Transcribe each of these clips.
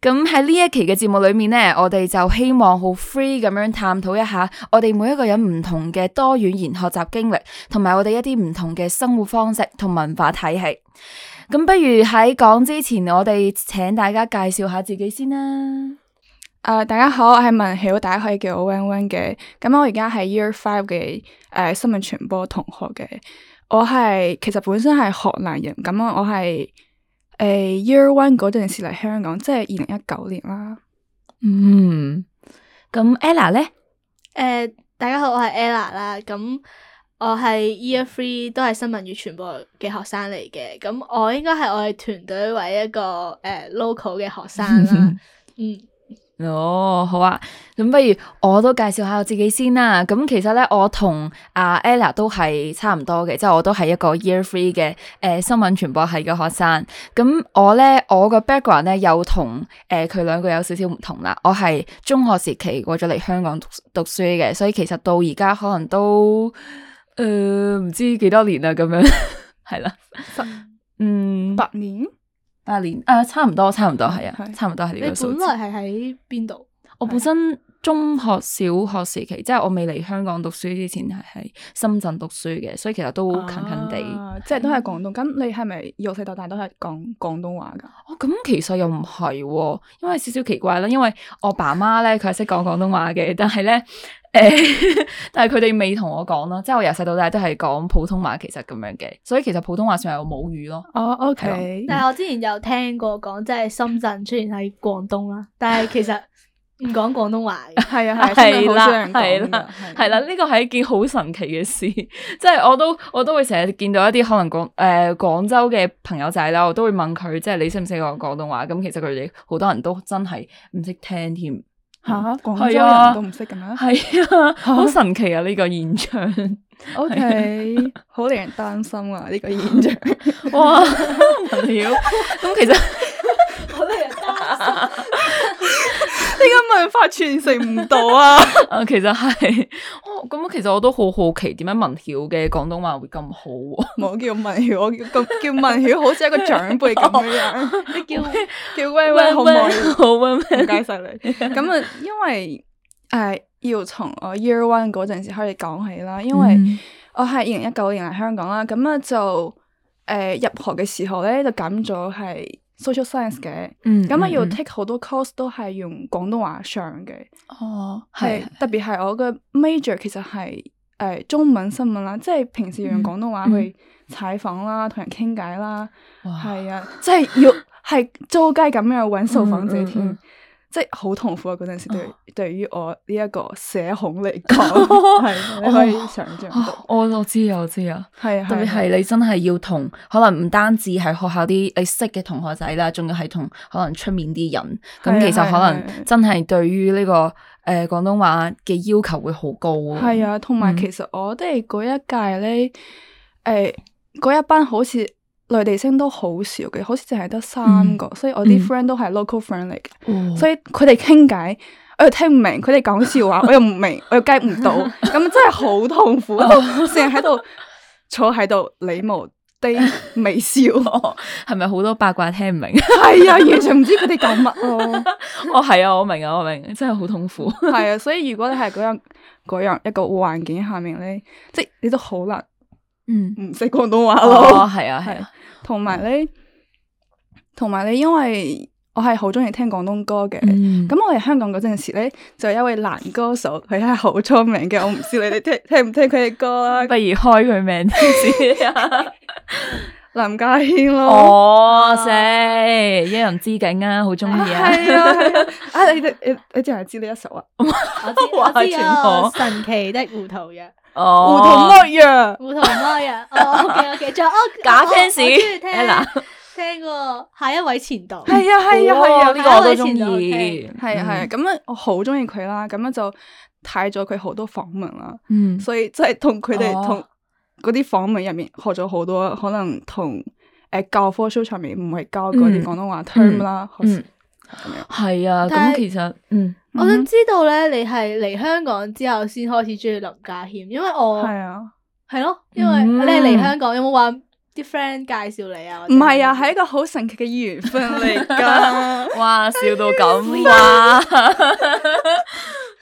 咁喺呢一期嘅節目裏面呢，我哋就希望好 free 咁樣探討一下我哋每一個人唔同嘅多語言學習經歷，同埋我哋一啲唔同嘅生活方式同文化體系。咁不如喺講之前，我哋請大家介紹下自己先啦。誒，uh, 大家好，我係聞曉，大家可以叫我 Wenwen 嘅。咁我而家係 Year Five 嘅誒、呃、新聞傳播同學嘅。我係其實本身係河南人，咁我係。誒、uh,，Year One 嗰陣時嚟香港，即係二零一九年啦。嗯，咁 Ella 咧，誒，大家好，我係 Ella 啦、啊。咁、啊、我係 Year Three 都係新聞與傳播嘅學生嚟嘅。咁、啊、我應該係我哋團隊唯一一個誒、uh, local 嘅學生啦。 嗯。哦，oh, 好啊，咁不如我都介紹下我自己先啦。咁其實咧，我同阿 Ella 都係差唔多嘅，即、就、係、是、我都係一個 year three 嘅誒、呃、新聞傳播系嘅學生。咁我咧，我個 background 咧又同誒佢兩個有少少唔同啦。我係中學時期過咗嚟香港讀讀，讀書嘅，所以其實到而家可能都誒唔、呃、知幾多年 啦，咁樣係啦，十嗯八年。八年，誒、啊、差唔多，差唔多係啊，是差唔多係呢個數字。你本來係喺邊度？我本身。中學、小學時期，即係我未嚟香港讀書之前，係喺深圳讀書嘅，所以其實都近近地，啊嗯、即係都係廣東。咁你係咪由細到大都係講廣東話噶？哦，咁其實又唔係、哦，因為少少奇怪啦。因為我爸媽咧，佢係識講廣東話嘅，但係咧，誒、欸， 但係佢哋未同我講咯。即係我由細到大都係講普通話，其實咁樣嘅。所以其實普通話算係母語咯。哦，OK、啊。嗯、但係我之前有聽過講，即係深圳出現喺廣東啦，但係其實。 唔講廣東話，係啊係啦，係啦，係啦，呢個係一件好神奇嘅事，即係我都我都會成日見到一啲可能廣誒廣州嘅朋友仔啦，我都會問佢，即係你識唔識講廣東話？咁其實佢哋好多人都真係唔識聽添，吓，廣州人都唔識咁樣？係啊，好、啊 啊、神奇啊呢、啊、個現象，OK， 好令人擔心啊呢、這個現象， 哇，咁 其實。文化傳承唔到啊！其實係哦，咁啊，其實我都好好奇點解聞曉嘅廣東話會咁好我？我叫聞曉，我叫咁叫聞曉，好似一個長輩咁樣、 哦。你叫叫威威好唔好？喂好威唔該晒你。咁啊，因為誒、呃、要從我 year one 嗰陣時開始講起啦，因為我係二零一九年嚟香港啦，咁啊就誒、呃、入學嘅時候咧就揀咗係。social science 嘅，咁啊要 take 好多 course 都係用廣東話上嘅，哦，係是是特別係我嘅 major 其實係誒、呃、中文新聞啦，即、就、係、是、平時要用廣東話去採訪啦，同、嗯、人傾偈啦，係哇啊，即係要係周街咁樣揾受訪者添。嗯嗯即係好痛苦啊！嗰陣時，對對於我呢一個社恐嚟講，係 你可以想象到我。我知啊，我知啊，係係，特別係你真係要同可能唔單止係學校啲你識嘅同學仔啦，仲要係同可能出面啲人。咁其實可能真係對於呢、這個誒、呃、廣東話嘅要求會好高。係啊，同埋其實我哋嗰一屆咧，誒嗰、嗯欸、一班好似。內地生都好少嘅，好似淨係得三個，所以我啲 friend 都係 local friend 嚟嘅，所以佢哋傾偈我又聽唔明，佢哋講笑話我又唔明，我又計唔到，咁真係好痛苦，成日喺度坐喺度禮貌地微笑，係咪好多八卦聽唔明？係啊，完全唔知佢哋講乜咯。哦，係啊，我明啊，我明，真係好痛苦。係啊，所以如果你係嗰樣嗰樣一個環境下面咧，即你都好難。唔識廣東話咯，係、哦、啊係，同埋咧，同埋咧，因為我係好中意聽廣東歌嘅，咁、嗯、我喺香港嗰陣時咧，就有一位男歌手，佢係好出名嘅，我唔知你哋聽 聽唔聽佢嘅歌啦、啊，不如開佢名先， 林家謙咯，我死、oh, 一人之境啊，好中意啊， 啊，啊，啊，啊 你哋你你淨係知呢一首啊， 我知我知啊，神奇的糊塗藥。胡同阿樣，胡同阿樣，哦，ok ok，哦，假聲史，Ella，聽過，下一位前度，係啊係啊，呢個都中意，係啊係啊，咁樣我好中意佢啦，咁樣就睇咗佢好多訪問啦，嗯，所以即係同佢哋同嗰啲訪問入面學咗好多，可能同誒教科書上面唔係教嗰啲廣東話 term 啦，好似係啊，咁其實嗯。我想知道咧，你係嚟香港之後先開始中意林家謙？因為我係啊，係咯，因為你嚟香港有冇揾啲 friend 介紹你啊？唔係啊，係一個好神奇嘅緣分嚟噶， 哇，笑到咁哇，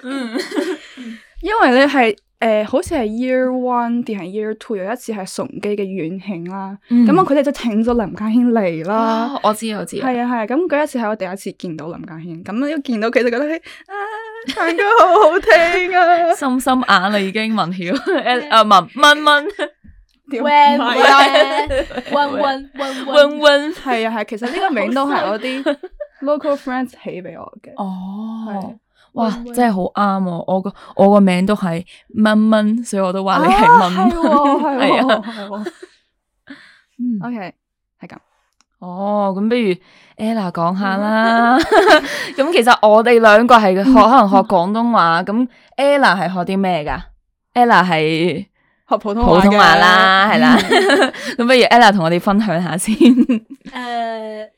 嗯， 因為你係。誒、欸，好似係 Year One 定係、嗯、Year Two，有一次係崇基嘅院慶啦，咁啊佢哋就請咗林家謙嚟啦。我知我知，係啊係，咁嗰、啊那個、一次係我第一次見到林家謙，咁一見到佢就覺得、哎、啊，唱歌好好聽啊， 心心眼啦已經聞曉，誒 啊文蚊蚊，when when w h 係啊係，其實呢個名都係我啲 local friends 起俾我嘅。 哦。哇，哇真係好啱我個我個名都係蚊蚊，所以我都話你係蚊，蚊，係啊。嗯，OK，係咁。哦，咁、哦啊嗯 okay, 哦、不如 Ella 講下啦。咁其實我哋兩個係學可能、嗯、學廣東話，咁、e、Ella 係學啲咩噶？Ella 係學普通話普通話啦，係啦。咁不如 Ella 同我哋分享下先。誒，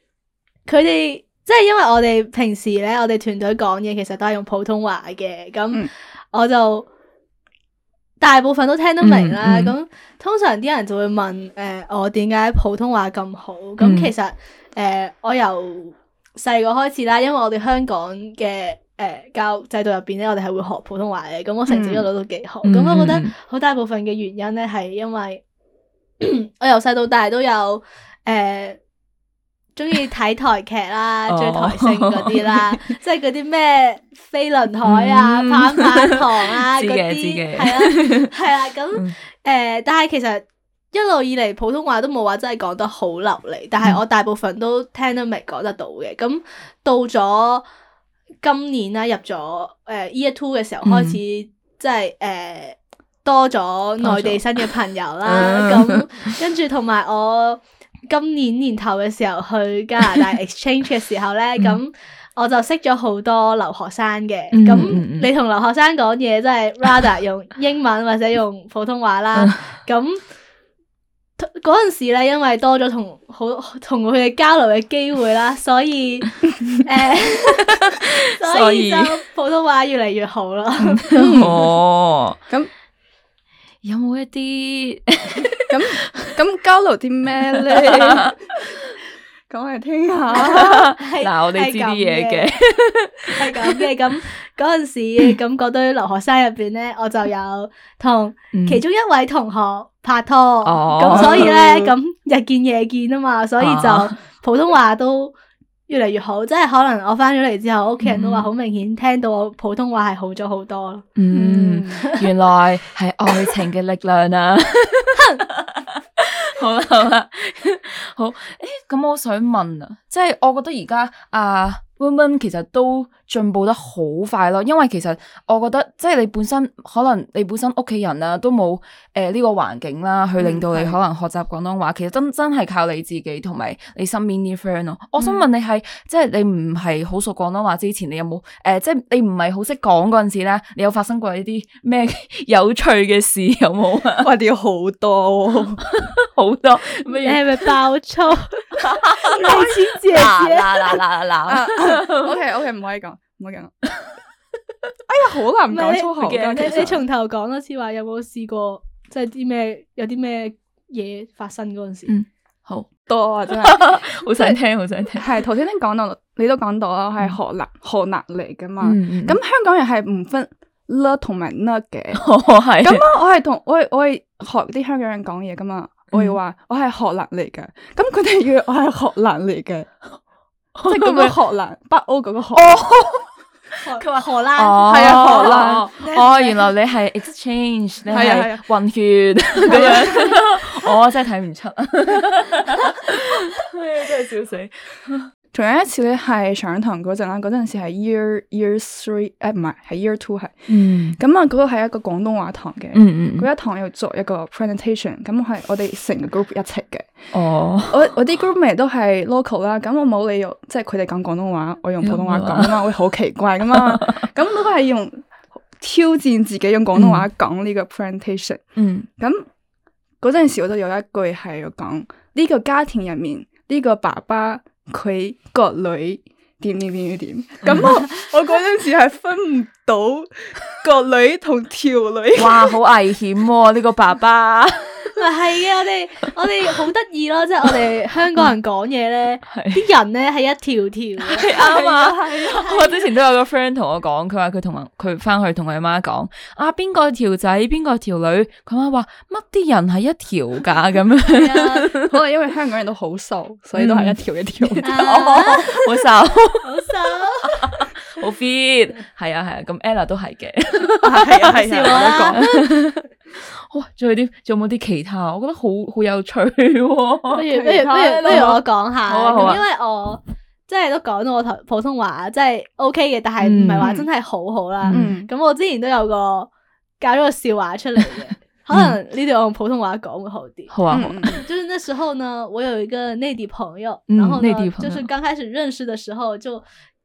佢哋。即係因為我哋平時咧，我哋團隊講嘢其實都係用普通話嘅，咁我就大部分都聽得明啦。咁、嗯嗯、通常啲人就會問，誒、呃，我點解普通話咁好？咁其實，誒、呃，我由細個開始啦，因為我哋香港嘅誒、呃、教育制度入邊咧，我哋係會學普通話嘅，咁我成績都攞到幾好。咁、嗯嗯、我覺得好大部分嘅原因咧，係因為 我由細到大都有誒。呃中意睇台劇啦，追台星嗰啲啦，即係嗰啲咩飛輪海啊、棒棒堂啊嗰啲，係啦，係啦。咁誒，但係其實一路以嚟普通話都冇話真係講得好流利，但係我大部分都聽得明講得到嘅。咁到咗今年啦，入咗誒 Year Two 嘅時候開始，即係誒多咗內地新嘅朋友啦。咁跟住同埋我，今年年頭嘅時候去加拿大 exchange 嘅時候呢，咁 我就識咗好多留學生嘅。咁 你同留學生講嘢，真係 rather 用英文或者用普通話啦。咁嗰陣時呢，因為多咗同好同佢哋交流嘅機會啦，所以誒，所以就普通話越嚟越好咯。 哦，咁。 有冇一啲咁咁交流啲咩咧？講嚟聽下。嗱 啊，我哋知啲嘢嘅，係咁嘅。咁嗰陣時，咁嗰堆留學生入邊咧，我就有同其中一位同學拍拖。咁所以咧，咁、 so, 日見夜見啊嘛，所以就普通話都。越嚟越好，即係可能我翻咗嚟之後，屋企人都話好明顯聽到我普通話係好咗好多咯。嗯，嗯，原來係愛情嘅力量啊！好啦好啦 好，誒、欸、咁我想問啊。即係我覺得而家啊，溫溫其實都進步得好快咯。因為其實我覺得，即係你本身可能你本身屋企人啦，都冇誒呢個環境啦，去令到你可能學習廣東話。嗯、其實真真係靠你自己同埋你身邊啲 friend 咯。我想問你係，即係你唔係好熟廣東話之前，你有冇誒即係你唔係好識講嗰陣時咧，你有發生過一啲咩有趣嘅事有冇啊？我屌 好多，好多咩？你係咪爆粗？啦啦啦啦啦！OK OK，唔可以講，唔可以講。哎呀，好難講粗口嘅。你從頭講多次話，有冇試過，即係啲咩有啲咩嘢發生嗰陣時？好多啊，真係好想聽，好想聽。係頭先你講到，你都講到啦，係河南河南嚟噶嘛？咁香港人係唔分 l 呢同埋 N 呢嘅，我嘅。咁我係同我係我係學啲香港人講嘢噶嘛？嗯、我要話我係荷蘭嚟嘅，咁佢哋要我係荷蘭嚟嘅，即係咁個荷蘭，北歐嗰個荷蘭。佢話荷蘭，係啊荷蘭。哦， 原來你係 exchange， 你係混血咁 樣嗎， 我真係睇唔出， 真係笑死。一你上一次咧係上堂嗰陣啦，嗰陣時係 year, year three，誒唔係係 year two 係、嗯嗯。嗯。咁啊，嗰個係一個廣東話堂嘅。嗯嗯。嗰一堂要做一個 presentation，咁係我哋成個 group 一齊嘅。哦。我我啲 group 名都係 local 啦，咁我冇理由即係佢哋講廣東話，我用普通話講啊，會好、嗯、奇怪噶嘛？咁我係用挑戰自己用廣東話講呢個 presentation、嗯。嗯。咁嗰陣時我都有一句係講呢個家庭入面呢、呢個爸爸。佢個女點點點點點，咁我 我嗰陣時係分唔到 、啊個女同條女，哇！好危險喎，呢個爸爸咪係嘅。我哋我哋好得意咯，即係我哋香港人講嘢咧，啲人咧係一條條啱啊！我之前都有個 friend 同我講，佢話佢同佢翻去同佢阿媽講啊，邊個條仔邊個條女，佢媽話乜啲人係一條噶咁樣，可能因為香港人都好瘦，所以都係一條一條、嗯 啊 好。好瘦，好瘦。好 fit，係啊係啊，咁 Ella 都係嘅，係啊係啊。哇，仲有啲，仲有冇啲其他？我覺得好好有趣，不如不如不如不如我講下，咁因為我即係都講到我頭普通話，即係 O K 嘅，但係唔係話真係好好啦。咁我之前都有個教咗個笑話出嚟嘅，可能呢條用普通話講會好啲。好啊好啊，就是那時候呢，我有一個內地朋友，然後呢，就是剛開始認識嘅時候就。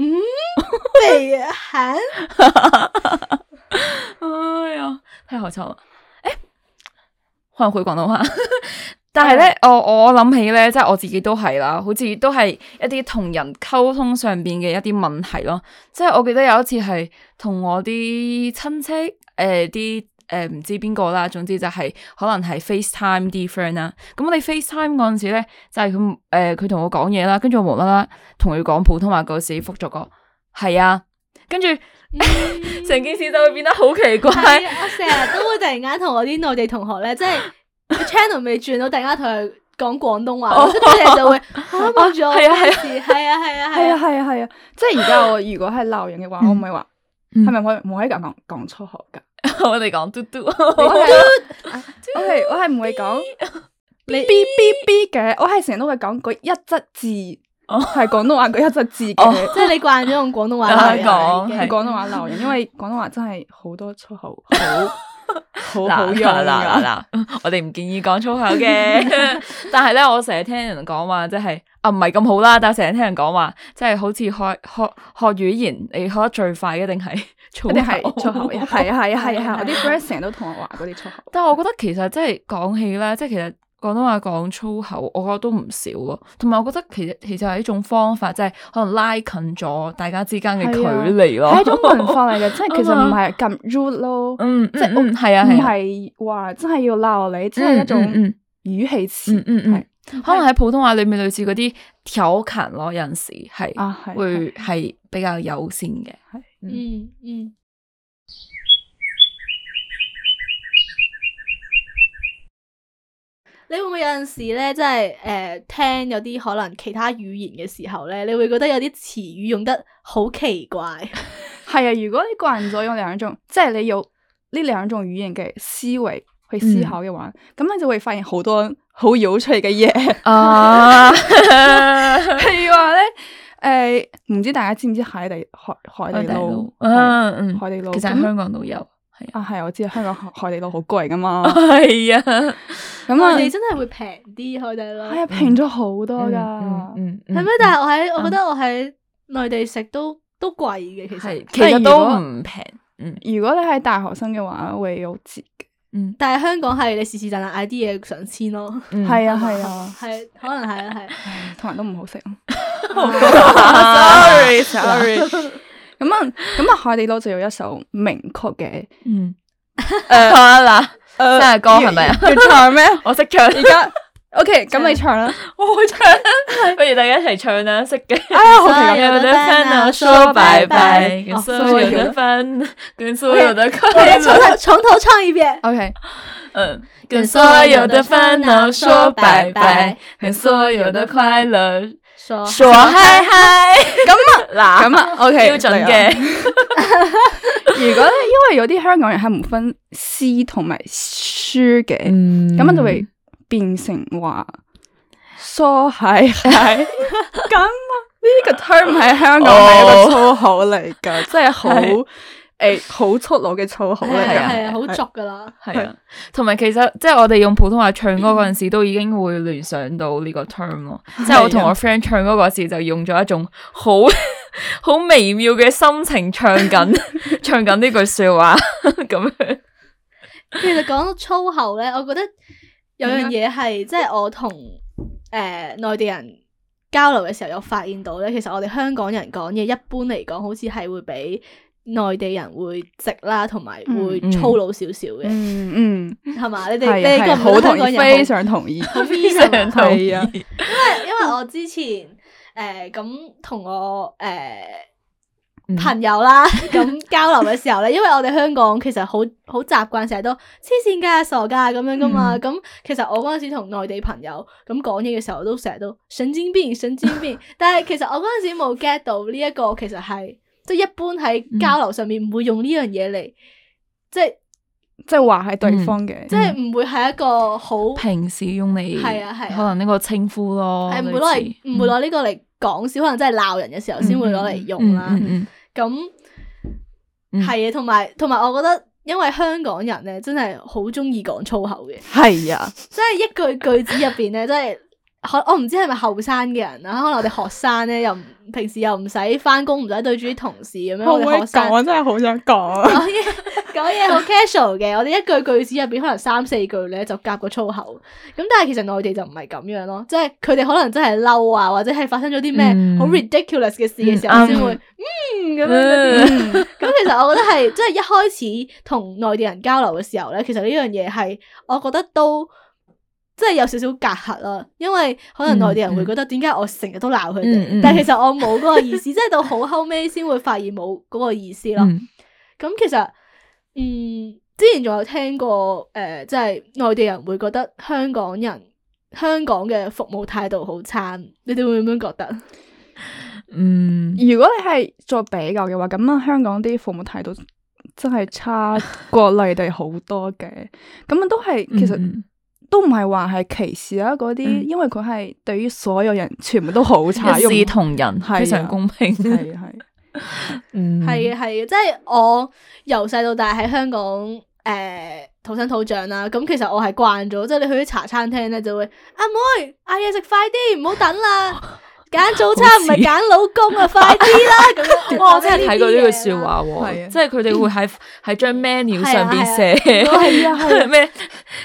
嗯，北韓，哎呀，太好笑了。哎，換回廣東話。但係咧，嗯，我我諗起咧，即係我自己都係啦，好似都係一啲同人溝通上邊嘅一啲問題咯。即係我記得有一次係同我啲親戚誒啲。呃誒，唔、呃、知邊個啦，總之就係可能係 FaceTime 啲 friend 啦。咁我哋 FaceTime 嗰陣時咧，就係佢誒，佢同我講嘢啦，跟住我無啦啦同佢講普通話嗰時，複咗個係啊，跟住成件事就會變得好奇怪。我成日都會突然間同我啲內地同學咧，即係 channel 未轉到，突然間同佢講廣東話，即係佢哋就會嚇、 嗯嗯、啊，望住我係啊係啊係啊係啊係啊，即係而家我如果係鬧人嘅話，我唔、嗯、可以講講話係咪可唔可以講講講粗口噶？我哋講嘟嘟，O K，我係唔會講你嗶嗶嗶嘅，我係成日都會講嗰 B, 一則字，係廣、oh, 東話嗰一則字嘅，oh, 即係你慣咗用廣東話流嘅，廣東話流人，因為廣東話真係 好多粗口，好難。嗱嗱嗱，我哋唔建議講粗口嘅， 但係咧，我成日聽人講話，即係。唔係咁好啦，但係成日聽人講話，即係好似學學學學語言，你學得最快嘅一定係粗口？係啊係啊係啊！我啲 friend 成日都同我話嗰啲粗口。但係我覺得其實即係講起咧，即係其實廣東話講粗口，我覺得都唔少咯。同埋我覺得其實其實係一種方法，即係可能拉近咗大家之間嘅距離咯。係一種文化嚟嘅，即係其實唔係咁 rude 咯。嗯，即係係啊係啊，唔係話真係要鬧你，即係一種語氣詞、嗯。嗯嗯。嗯嗯嗯可能喺普通話裏面是類似嗰啲挑釁咯，有陣時係，啊、會係是比較友善嘅。係，嗯嗯。嗯，你會唔會有陣時咧，即係誒聽有啲可能其他語言嘅時候咧，你會覺得有啲詞語用得好奇怪。係 啊，如果你慣咗用兩種，即係 你有呢兩種語言嘅思維去思考嘅話，咁、嗯、你就會發現好多。好有趣嘅嘢啊！係話咧，誒，唔知大家知唔知海底海海底撈？嗯嗯，海底撈其實香港都有。係啊，係我知，香港海底撈好貴噶嘛。係啊，咁我哋真係會平啲海底撈。係啊，平咗好多噶。嗯，係咩？但係我喺，我覺得我喺內地食都都貴嘅，其實，其實都唔平，嗯，如果你係大學生嘅話，會有折。嗯，但係香港係你時時尚常嗌啲嘢上千咯、嗯，係啊係啊，係、啊、可能係啊係，同人都唔好食咯。Sorry Sorry、 嗯。咁啊咁啊，海底撈就有一首名曲嘅，嗯，誒嗱，即係歌係咪啊？要唱咩？我識唱而家。 O K，咁你唱啦，我會唱。不如大家一齊唱啦，識嘅。哎呀，好聽啊！跟所有的煩惱說拜拜，跟所有的煩惱跟所有的快樂，我再從頭從頭唱一遍。O K，嗯，跟所有的煩惱說拜拜，跟所有的快樂說說嗨嗨。咁啊，嗱，咁啊，O K，標準嘅。如果因為有啲香港人係唔分詩同埋詩嘅，咁就會。變成話梳係係咁啊！呢個 term 喺香港係一個粗口嚟噶，即係好誒好粗魯嘅粗口嚟噶，係啊，好俗噶啦，係啊。同埋其實即係我哋用普通話唱歌嗰陣時，都已經會聯想到呢個 term 咯。即係我同我 friend 唱歌嗰時，就用咗一種好好微妙嘅心情唱緊，唱緊呢句說話咁樣。其實講到粗口咧，我覺得。有樣嘢係，即、就、係、是、我同誒、呃、內地人交流嘅時候，有發現到咧，其實我哋香港人講嘢一般嚟講，好似係會比內地人會直啦，同埋會粗魯少少嘅。嗯嗯，係、嗯、嘛？吧你哋呢個唔同嘅人，非常同意，非常同意。因為因為我之前誒咁同我誒、呃朋友啦，咁交流嘅時候咧，因為我哋香港其實好好習慣成日都黐線噶、傻噶咁樣噶嘛。咁其實我嗰陣時同內地朋友咁講嘢嘅時候，都成日都神經病、神經病。但係其實我嗰陣時冇 get 到呢一個，其實係即係一般喺交流上面唔會用呢樣嘢嚟，即係即係話係對方嘅，即係唔會係一個好平時用嚟，係啊係啊，可能呢個稱呼咯，係唔會攞嚟，唔會攞呢個嚟講笑，可能真係鬧人嘅時候先會攞嚟用啦。咁係啊，同埋同埋，嗯、我覺得因為香港人咧，真係好中意講粗口嘅，係啊，即係一句句子入邊咧，即係我我唔知係咪後生嘅人啦，可能我哋學生咧又平時又唔使返工，唔使對住啲同事咁樣，我我學生我真係好想講。 Oh, yeah. 講嘢好 casual 嘅，我哋一句句子入邊可能三四句咧就夾個粗口，咁但係其實內地就唔係咁樣咯，即係佢哋可能真係嬲啊，或者係發生咗啲咩好 ridiculous 嘅事嘅時候先會嗯咁樣，咁、嗯、其實我覺得係即係一開始同內地人交流嘅時候咧，其實呢樣嘢係我覺得都即係有少少隔閡咯，因為可能內地人會覺得點解我成日都鬧佢哋，但係其實我冇嗰個意思， 即係到好後尾先會發現冇嗰個意思咯，咁其實。嗯，之前仲有聽過誒，即係內地人會覺得香港人香港嘅服務態度好差，你哋會唔會咁樣覺得？嗯，如果你係作比較嘅話，咁啊香港啲服務態度真係差過內地好多嘅，咁啊 都係其實都唔係話係歧視啦、啊，嗰啲，嗯、因為佢係對於所有人全部都好差 一視同仁， 啊，非常公平係。係嘅，係嘅，即係我由細到大喺香港誒土生土長啦。咁其實我係慣咗，即係你去啲茶餐廳咧就會，阿妹嗌嘢食快啲，唔好等啦。揀早餐唔係揀老公啊，快啲啦。咁我真係睇過呢句笑話喎，即係佢哋會喺喺張 menu 上邊寫咩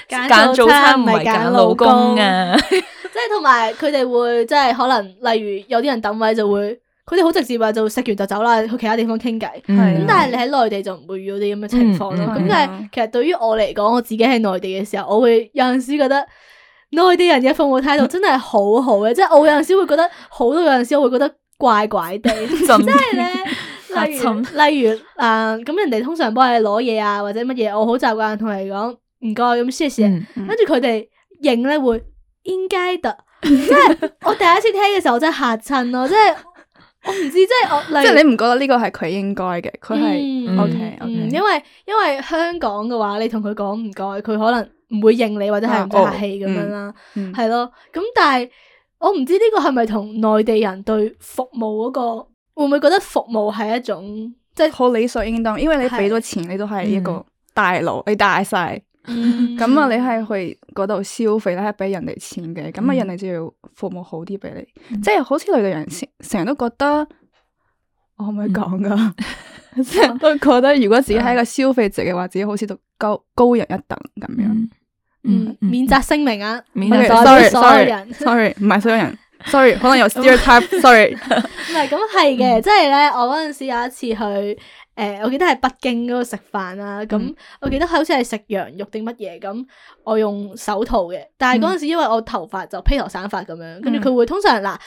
揀早餐唔係揀老公啊。即係同埋佢哋會即係可能，例如有啲人等位就會。佢哋好直接話就食完就走啦，去其他地方傾偈。咁，嗯、是但係你喺內地就唔會遇到啲咁嘅情況咯。咁、嗯嗯、但係其實對於我嚟講，我自己喺內地嘅時候，我會有陣時覺得內地人嘅服務態度真係好好嘅，即係我有陣時會覺得好多有陣時我會覺得怪怪地，即係咧，例如例如誒，咁、呃、人哋通常幫你攞嘢啊或者乜嘢，我好習慣同你講唔該咁，謝謝。跟住佢哋應咧會應該得。 即係我第一次聽嘅時候，我真係嚇親咯，即係。 我唔知，即係我，即係你唔覺得呢個係佢應該嘅？佢係 OK，因為因為香港嘅話，你同佢講唔該，佢可能唔會認你或者係唔客氣咁、啊哦、樣啦，係、嗯嗯、咯。咁但係我唔知呢個係咪同內地人對服務嗰、那個、嗯、會唔會覺得服務係一種即係好理所應當？因為你俾咗錢，是你都係一個大佬，嗯、你大晒。咁啊，你係去嗰度消費咧，係俾人哋錢嘅，咁啊，人哋就要服務好啲俾你，即係好似內地人成日都覺得，我可唔可以講噶？成日都覺得如果自己係一個消費者嘅話，自己好似就高高人一等咁樣。嗯，免責聲明啊，免責聲明，sorry，sorry，sorry，唔係所有人，sorry，可能有 stereotype，sorry。唔係咁係嘅，即係咧，我嗰陣時有一次去。誒、呃，我記得喺北京嗰度食飯啦、啊，咁、嗯、我記得好似係食羊肉定乜嘢咁，我用手套嘅。但係嗰陣時因為我頭髮就披頭散發咁樣，嗯、跟住佢會通常嗱，誒、啊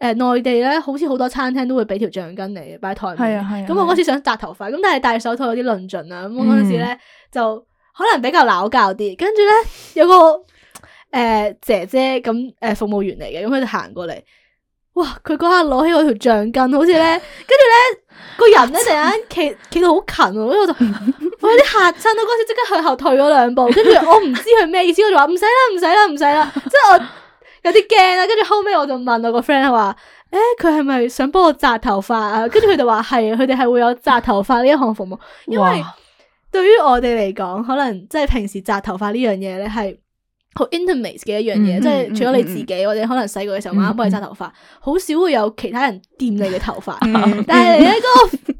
呃、內地咧好似好多餐廳都會俾條橡筋你擺喺台面嘅。咁、啊啊、我嗰次想紮頭髮，咁但係戴手套有啲論盡啊。咁我嗰陣時咧、嗯、就可能比較撓教啲，跟住咧有個誒、呃、姐姐咁誒、呃、服務員嚟嘅，咁佢就行過嚟。哇！佢嗰下攞起嗰條橡筋，好似咧，跟住咧個人咧突然間企企到好近喎，所以我就 我有啲嚇親咯。嗰時即刻向後退咗兩步，跟住我唔知佢咩意思，我就話唔使啦，唔使啦，唔使啦。即係我有啲驚啦。跟住後尾我就問我個 friend 佢話，誒、欸，佢係咪想幫我紮頭髮啊？跟住佢就話係，佢哋係會有紮頭髮呢一項服務。因為對於我哋嚟講，可能即係平時紮頭髮呢樣嘢咧係。好 intimate 嘅一樣嘢，即係除咗你自己，或者可能細個嘅時候媽媽幫你紮頭髮，好少會有其他人掂你嘅頭髮。但係喺一個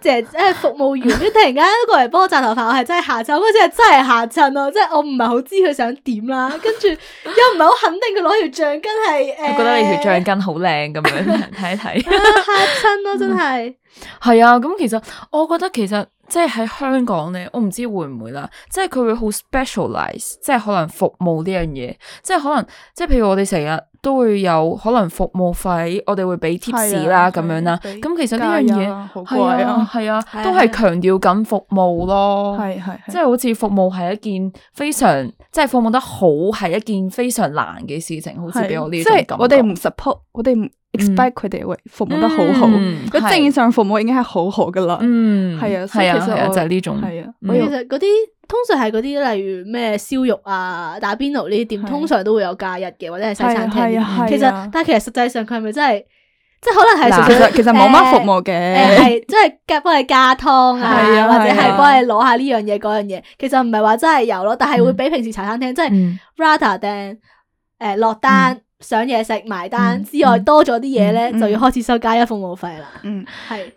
即係即係服務員，一突然間過嚟幫我紮頭髮，我係真係嚇親，嗰陣真係嚇親咯，即係我唔係好知佢想點啦，跟住又唔係好肯定佢攞條橡筋係誒，覺得你條橡筋好靚咁樣，睇一睇嚇親咯，真係係啊，咁其實我覺得其實。即係喺香港咧，我唔知會唔會啦。即係佢會好 specialize，即係可能服務呢樣嘢。即係可能，即係譬如我哋成日都會有可能服務費，我哋會俾貼士啦咁樣啦。咁其實呢樣嘢係啊，係啊，都係強調緊服務咯。係係，即係好似服務係一件非常，即係服務得好係一件非常難嘅事情，好似俾我呢種感覺。即係、就是、我哋唔 support，我哋唔。expect 佢哋會服務得好好，個正常服務已經係好好噶啦。嗯，係啊，所以，其實就係呢種。係啊，其實嗰啲通常係嗰啲例如咩燒肉啊、打邊爐呢啲店，通常都會有假日嘅，或者係西餐廳。其實，但係其實實際上佢係咪真係，即係可能係其實其實冇乜服務嘅，係即係幫你加湯啊，或者係幫你攞下呢樣嘢嗰樣嘢。其實唔係話真係有咯，但係會比平時茶餐廳即係 rather than 誒落單。上嘢食埋單之外，多咗啲嘢咧就要開始收加一服務費啦。嗯，係是。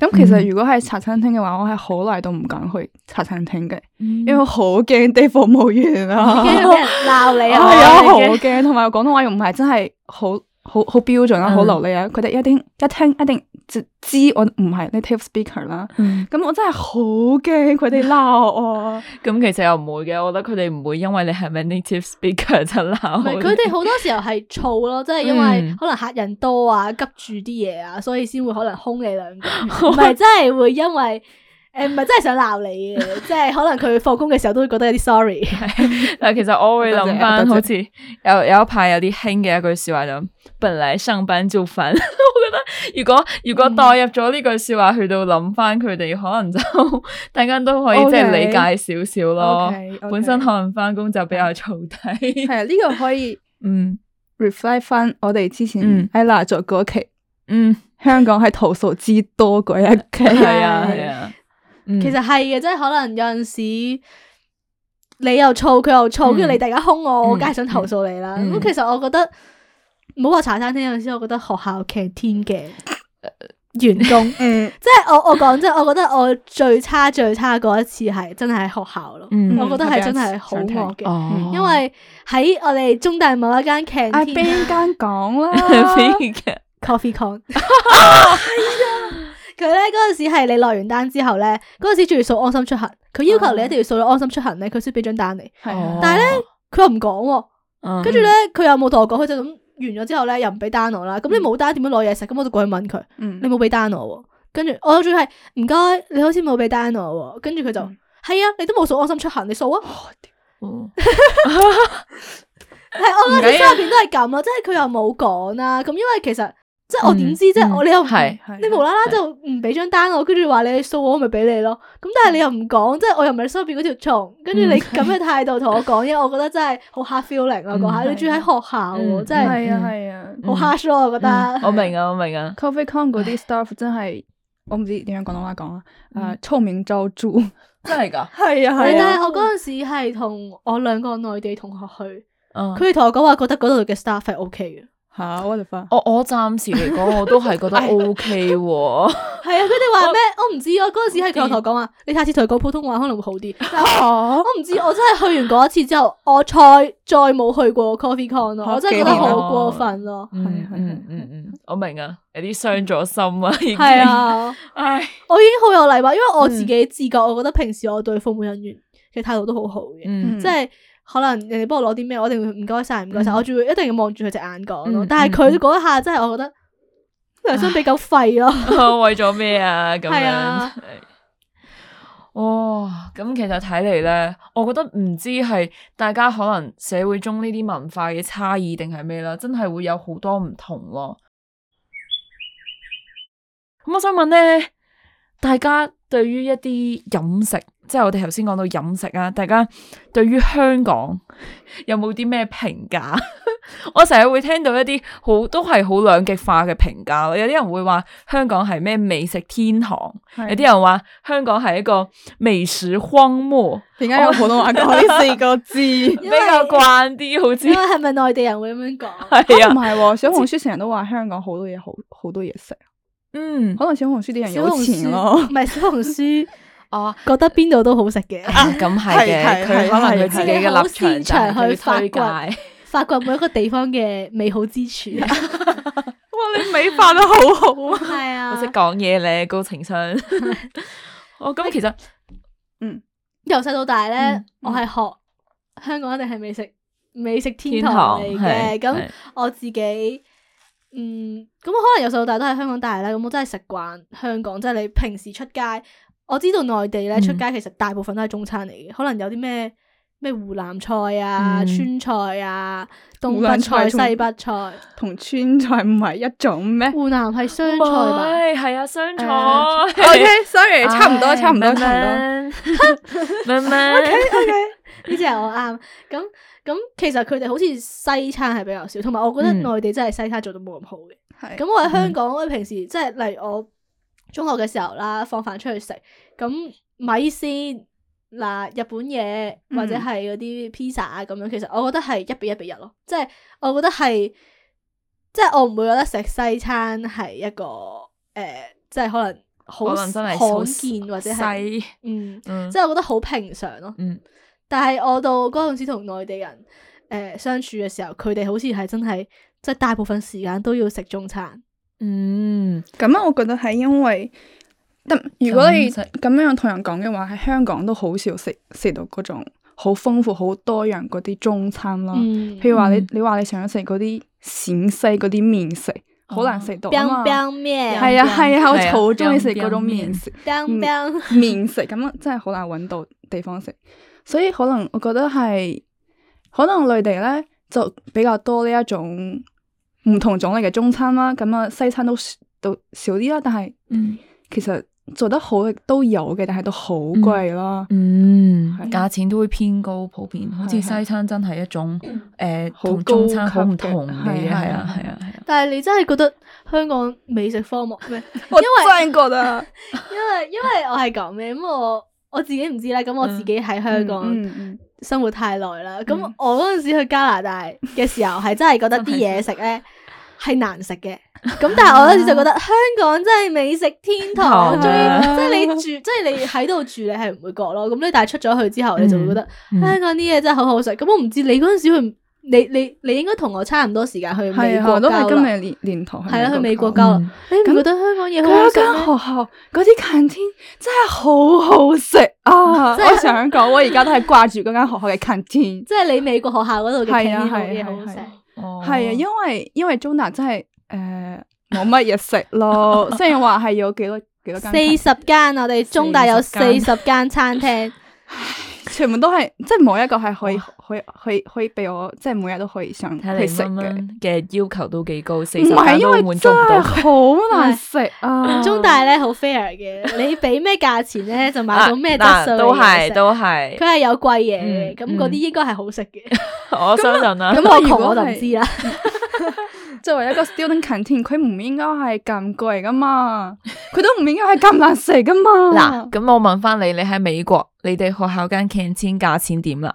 咁、嗯、其實如果係茶餐廳嘅話，我係好耐都唔敢去茶餐廳嘅，嗯、因為好驚啲服務員啊，驚俾 人鬧你啊。我好驚，同埋廣東話又唔係真係好。好好標準啊，好流利啊！佢哋、嗯、一定，一聽一定就知我唔係 native speaker 啦。咁、嗯、我真係好驚佢哋鬧我。咁 其實又唔會嘅，我覺得佢哋唔會因為你係唔係 native speaker 就鬧不。唔，佢哋好多時候係燥咯，即係因為可能客人多啊，急住啲嘢啊，所以先會可能凶你兩句。唔 係真係會因為。誒，唔係真係想鬧你嘅，即係可能佢放工嘅時候都會覺得有啲 sorry。但係其實我會諗翻，好似有有一排有啲興嘅一句說話就本來上班就煩。我覺得如果如果代入咗呢句說話去到諗翻佢哋，可能就大家都可以即係理解少少咯。本身可能翻工就比較嘈啲。係 啊、like if mm.，呢個可以嗯 reflect 翻我哋之前喺娜做嗰期，嗯，香港係投訴之多嗰一期。係啊，係啊。嗯、其實係嘅，即係可能有陣時你又燥，佢又燥，跟住你突然家兇我，嗯、我梗係想投訴你啦。咁、嗯嗯、其實我覺得唔好話茶餐廳有陣時，我覺得學校 c 天嘅員工，嗯、即係我我講真，我覺得我最差最差嗰一次係真係喺學校咯。嗯、我覺得係真係好惡嘅，啊、因為喺我哋中大某一間 cantin 邊間講啦，coffee con。 佢咧嗰陣時係你落完單之後咧，嗰陣時仲要掃安心出行，佢要求你一定要掃到安心出行咧，佢先俾張單你。啊、但係咧佢又唔講、啊，嗯、呢跟住咧佢又冇同我講，佢就咁完咗之後咧又唔俾單我啦。咁你冇單點樣攞嘢食？咁我就過去問佢，嗯、你冇俾單我、啊。跟住我仲要係唔該，你好似冇俾單我、啊。跟住佢就係、嗯、啊，你都冇掃安心出行，你掃啊。我哦，係你心入邊都係咁啊！ 即係佢又冇講啦。咁因為其實。即係我點知？即係我你又你無啦啦就唔俾張單我，跟住話你掃我咪俾你咯。咁但係你又唔講，即係我又唔係你身邊嗰條蟲。跟住你咁嘅態度同我講，因為我覺得真係好 hard feeling 咯。講下你住喺學校，真係係啊係啊，好 hard 咯。我覺得我明啊，我明啊。Coffee Con 嗰啲 staff 真係我唔知點樣廣東話講啊，啊臭名昭著真係噶，係啊係啊。但係我嗰陣時係同我兩個內地同學去，佢哋同我講話覺得嗰度嘅 staff 係 OK 嘅。吓，我哋翻我我暫時嚟講，我都係覺得 O K 喎。係啊，佢哋話咩？我唔知啊。嗰陣時係佢頭講啊，你下次同佢講普通話可能會好啲。我唔知，我真係去完嗰一次之後，我再再冇去過 Coffee Con 咯。我真係覺得好過分咯。係啊，係，嗯嗯嗯，我明啊，有啲傷咗心啊。係啊，唉，我已經好有禮貌，因為我自己自覺，我覺得平時我對服務人員嘅態度都好好嘅，即係。可能你哋幫我攞啲咩，我一定唔該晒，唔該晒，嗯、我仲會一定要望住佢隻眼講咯。嗯嗯、但係佢嗰一下、嗯、真係，我覺得良心比較廢咯。為咗咩啊？咁樣，哦，咁其實睇嚟咧，我覺得唔知係大家可能社會中呢啲文化嘅差異定係咩啦，真係會有好多唔同咯。咁我想問咧，大家對於一啲飲食？即係我哋頭先講到飲食啊，大家對於香港有冇啲咩評價？ 我成日會聽到一啲好都係好兩極化嘅評價，有啲人會話香港係咩美食天堂，啊、有啲人話香港係一個美食荒漠。點解有普通話講呢 四個字， 為比較慣啲好似因為係咪內地人會咁樣講？係啊，唔係、哦、小紅書成日都話香港好多嘢好好多嘢食。嗯，可能小紅書啲人有錢咯，唔係小紅書。 我覺得邊度都好食嘅，咁係嘅。佢可能佢自己嘅立場就去發掘發掘每一個地方嘅美好之處哇，你美化得好好啊！係啊，好識講嘢咧，高情商。我咁其實，嗯，由細到大咧，我係學香港一定係美食美食天堂嚟嘅。咁我自己，嗯，咁可能由細到大都喺香港大啦。咁我真係食慣香港，即係你平時出街。我知道內地咧出街其實大部分都係中餐嚟嘅，可能有啲咩咩湖南菜啊、川菜啊、東北菜、西北菜，同川菜唔係一種咩？湖南係湘菜吧？係啊，湘菜。OK，sorry，差唔多，差唔多，差唔多。咩咩？OK OK，呢只係我啱。咁咁，其實佢哋好似西餐係比較少，同埋我覺得內地真係西餐做到冇咁好嘅。係。咁我喺香港，我平時即係例如我。中學嘅時候啦，放飯出去食，咁米線嗱日本嘢或者係嗰啲 pizza 啊咁樣，嗯、其實我覺得係一比一比一咯，即、就、係、是、我覺得係，即、就、係、是、我唔會覺得食西餐係一個誒，即、呃、係、就是、可能好罕見或者係、嗯，嗯即係、嗯、我覺得好平常咯，嗯、但係我到嗰陣時同內地人誒、呃、相處嘅時候，佢哋好似係真係，即、就、係、是、大部分時間都要食中餐。嗯，咁啊，我覺得係因為，得如果你咁樣同人講嘅話，喺香港都好少食食到嗰種好豐富好多樣嗰啲中餐咯。譬如話你，你話你想食嗰啲陝西嗰啲麵食，好難食到啊，係啊係啊，我好中意食嗰種麵食。麵食咁真係好難揾到地方食，所以可能我覺得係，可能內地咧就比較多呢一種。唔同種類嘅中餐啦，咁啊西餐都少都少啲啦，但係其實做得好亦都有嘅，但係都好貴咯，嗯，價、啊、錢都會偏高，普遍好似西餐真係一種誒同、啊、中餐好唔同嘅嘢，係啊係啊係啊。啊啊啊啊但係你真係覺得香港美食荒漠？咩？ 我真覺得、啊 因，因為因為我係講咩，咁我我自己唔知啦，咁我自己喺香港，嗯嗯嗯生活太耐啦，咁、嗯、我嗰陣時去加拿大嘅時候，係真係覺得啲嘢食呢係 難食嘅，咁 但係我嗰陣時就覺得香港真係美食天堂，即係你住， 即係你喺度住，你係唔會覺咯，咁你、嗯、但係出咗去之後，你就會覺得香港啲嘢真係好好食，咁、嗯嗯、我唔知你嗰陣時去。你你你應該同我差唔多時間去美國，都係今年年年頭。係啦，去美國交流。你覺得香港嘢好唔好食？嗰間學校嗰啲 canteen 真係好好食啊！即是我想講，我而家都係掛住嗰間學校嘅 canteen。即係你美國學校嗰度嘅 canteen 好嘢，好食。哦，係啊，因為因為中大真係誒冇乜嘢食咯，呃、 雖然話係有幾多幾多間四十間，我哋中大有四十間餐廳。全部都係，即係冇一個係可以，可以、哦，可以，可以俾我，即係每日都可以上去食嘅。嘅要求都幾高，四十蚊都滿足唔到，好難食啊！中大咧好 fair 嘅， 你俾咩價錢咧就買到咩質素嘅嘢都係，都係，佢係有貴嘢，嘅、嗯，咁嗰啲應該係好食嘅。 我相信啦，咁我窮我就唔知啦。 作為一個 student canteen 佢唔應該係咁貴噶嘛？佢都唔應該係咁難食噶嘛？嗱，咁我問翻你，你喺美國，你哋學校間 canteen 價錢點啦？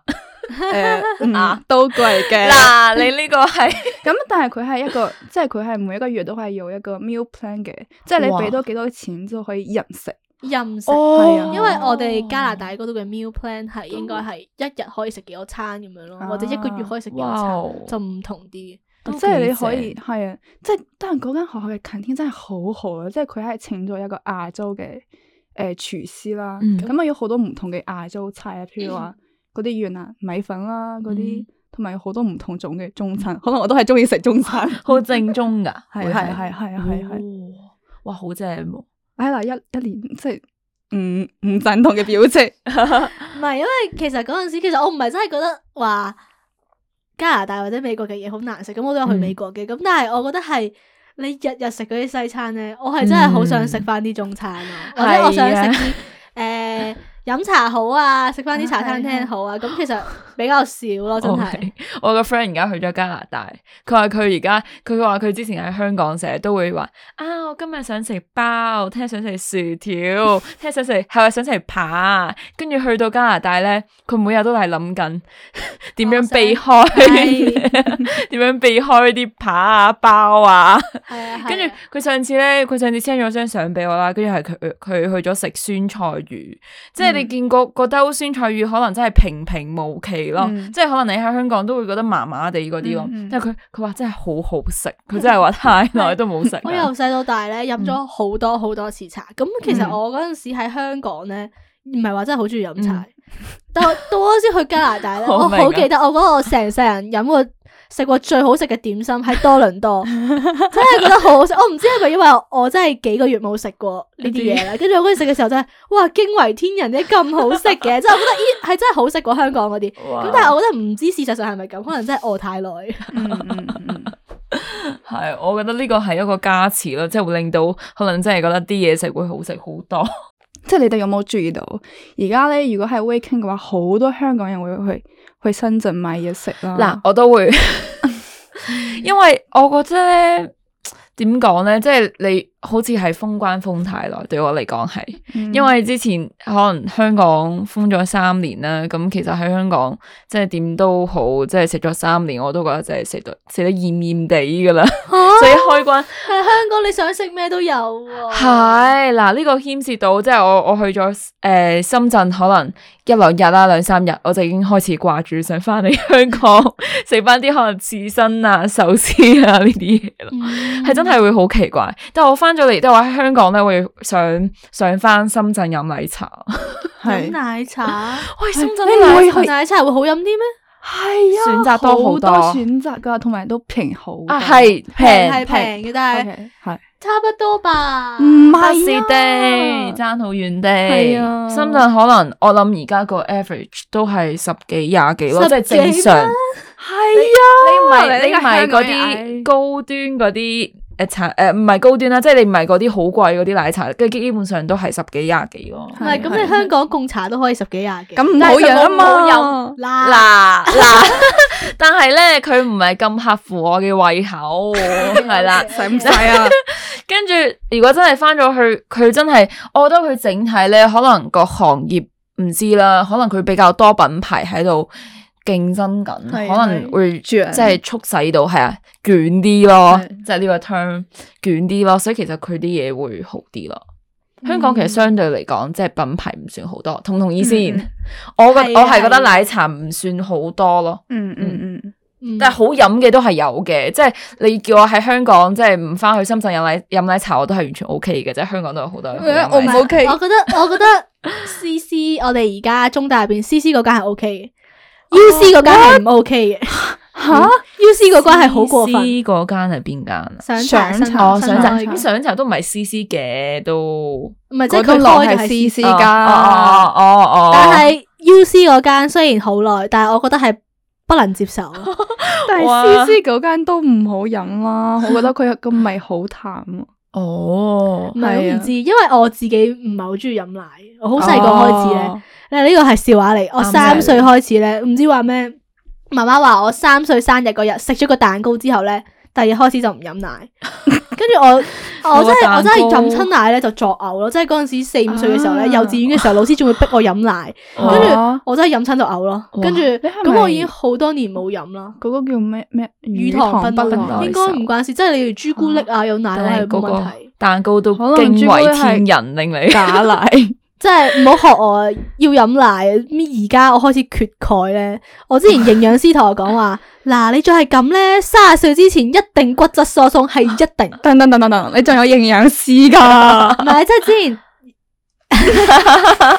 誒，都貴嘅。嗱，你呢個係咁，但係佢係一個，即係佢係每一個月都係有一個 meal plan 嘅，即係哇你俾多幾多錢就可以任食任食，係、哦、啊。因為我哋加拿大嗰度嘅 meal plan 係應該係一日可以食幾多餐咁樣咯，啊、或者一個月可以食幾多餐、啊、哇就唔同啲。即係你可以，係啊！即係，但係嗰間學校嘅環境真係好好咯。即係佢係請咗一個亞洲嘅誒、呃、廚師啦。咁啊、嗯，有好多唔同嘅亞洲菜啊，譬如話嗰啲越南米粉啦，嗰啲同埋有好多唔同種嘅中餐。嗯、可能我都係中意食中餐，好正宗噶，係係係係係。哇，好正喎、啊！哎嗱， 一一年即係唔唔讚同嘅表情。唔 係，因為其實嗰陣時，其實我唔係真係覺得話。加拿大或者美國嘅嘢好難食，咁我都有去美國嘅，咁、嗯、但係我覺得係你日日食嗰啲西餐呢，嗯、我係真係好想食翻啲中餐、啊、的或者我想食啲誒， 呃飲茶好啊，食翻啲茶餐廳好啊，咁、嗯、其實比較少咯，真係。Okay. 我個 friend 而家去咗加拿大，佢話佢而家，佢話佢之前喺香港成日都會話啊，我今日想食包，聽日想食薯條，聽日想食係咪想食扒，跟住去到加拿大咧，佢每日都係諗緊點樣避開，點、哦、 樣避開啲扒啊包啊。係 啊，啊跟住佢上次咧，佢上次 send 咗張相俾我啦，跟住係佢佢去咗食酸菜魚，即係、嗯。你見過個兜酸菜魚可能真係平平無奇咯，嗯、即係可能你喺香港都會覺得麻麻地嗰啲咯，嗯嗯、但係佢佢話真係好好食，佢真係話太耐都冇食。 我由細到大咧飲咗好多好多次茶，咁、嗯、其實我嗰陣時喺香港咧，唔係話真係好中意飲茶，嗯、但到到嗰時去加拿大咧， 啊、我好記得我嗰個成世人飲過，食過最好食嘅點心喺多倫多， 真係覺得好好食。我唔知係咪因為我，我真係幾個月冇食過呢啲嘢啦，跟住 我開始食嘅時候真係，哇，驚為天人咧，咁好食嘅，即係 我覺得依係真係好食過香港嗰啲。咁哇但係我覺得唔知事實上係咪咁，可能真係餓太耐。係，我覺得呢個係一個加持咯，即係會令到可能真係覺得啲嘢食會好食好多 即係你哋有冇注意到？而家咧，如果係 weekend 嘅話，好多香港人會去。去深圳買嘢食啦，嗱，我都會， 因為我覺得咧，點講咧，即係你。好似係封關封太耐，對我嚟講係，嗯、因為之前可能香港封咗三年啦，咁其實喺香港即係點都好，即係食咗三年，我都覺得真係食到食得厭厭地噶啦，炎炎啊、 所以開關喺、啊、香港你想食咩都有喎、啊。係嗱，呢個牽涉到即係我我去咗誒、呃、深圳可能一兩日啦，兩三日，我就已經開始掛住想翻嚟香港食翻啲可能刺身啊壽司啊呢啲嘢咯，係真係會好奇怪。但係我翻。翻咗嚟都話喺香港咧，會想想翻深圳飲奶茶。飲奶茶，喂，深圳啲奶茶會好飲啲咩？係啊，選擇多好多選擇噶，同埋都平好。啊，係平係平嘅，但係係差不多吧。唔係啊，爭好遠啲。深圳可能我諗而家個 average 都係十幾廿幾咯，即係正常。係啊，你唔係你唔係嗰啲高端嗰啲。誒茶誒唔係高端啦，即係你唔係嗰啲好貴嗰啲奶茶，跟住基本上都係十幾廿幾咯，啊啊。唔係，啊，咁你，啊啊啊，香港供茶都可以十幾廿幾。咁唔好嘅，香港冇油嗱嗱，但係咧佢唔係咁合乎我嘅胃口，係啦，使唔使啊？跟住如果真係翻咗去，佢真係，我覺得佢整體咧，可能個行業唔知啦，可能佢比較多品牌喺度。競爭緊，可能會的即係促使到係啊卷啲咯，的即係呢個 term 卷啲咯。所以其實佢啲嘢會好啲咯。香港其實相對嚟講，嗯、即係品牌唔算好多，同唔同意先？嗯、我覺的我係覺得奶茶唔算好多咯。嗯嗯,嗯嗯嗯，但係好飲嘅都係有嘅。即係你叫我喺香港，即係唔翻去深圳飲奶飲奶茶，我都係完全 O K 嘅。即係香港都有多好多、嗯。我唔 O K。我覺得我覺得 C C 我哋而家中大入邊 C C 嗰間係 O K 嘅。U C 嗰間係唔 OK 嘅，吓 U C 嗰間係好過分。C 嗰間係邊間啊？上茶哦，上茶咁上茶都唔係 C C 嘅都，唔係即係佢開係 C C 間。哦哦。但係 U C 嗰間雖然好耐，但係我覺得係不能接受。但係 C C 嗰間都唔好飲啦，我覺得佢個味好淡哦，唔係，我唔知，因為我自己唔係好中意飲奶，我好細個開始咧。呢個係笑話嚟，我三歲開始咧，唔知話咩，媽媽話我三歲生日嗰日食咗個蛋糕之後咧，第二開始就唔飲奶，跟住我我真係我真係飲親奶咧就作嘔咯，即係嗰陣時四五歲嘅時候咧，幼稚園嘅時候老師仲會逼我飲奶，跟住我真係飲親就嘔咯，跟住咁我已經好多年冇飲啦。嗰個叫咩咩乳糖不耐，應該唔關事，即係你如朱古力啊有奶都冇問題，嗰個蛋糕都驚為天人令你打奶。即係唔好學我，要飲奶。咁而家我開始缺鈣咧。我之前營養師同我講話：嗱哇，你再係咁咧，三十歲之前一定骨質疏鬆，係一定。等等等等等，你仲有營養師噶？唔係，即係之前，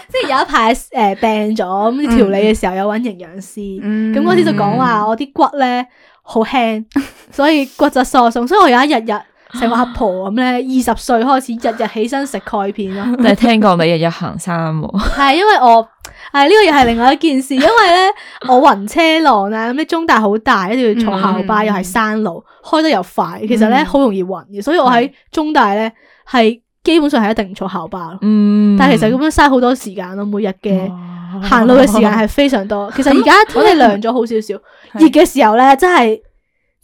即係有一排誒、呃、病咗咁調理嘅時候，有搵營養師。咁嗰、嗯、時就講話我啲骨咧好輕，所以骨質疏鬆，所以我有一日日。成個阿婆咁咧，二十歲開始日日起身食鈣片咯。你係聽講你日日行山喎。係， 因為我係呢個又係另外一件事，因為咧我暈車浪啊，咁啲中大好大，一定要坐校巴，又係山路，嗯、開得又快，其實咧好、嗯、容易暈嘅。所以我喺中大咧係基本上係一定唔坐校巴咯。嗯、但係其實咁樣嘥好多時間咯，每日嘅行路嘅時間係非常多。其實而家天氣涼咗好少少，熱嘅、嗯、是時候咧真係。真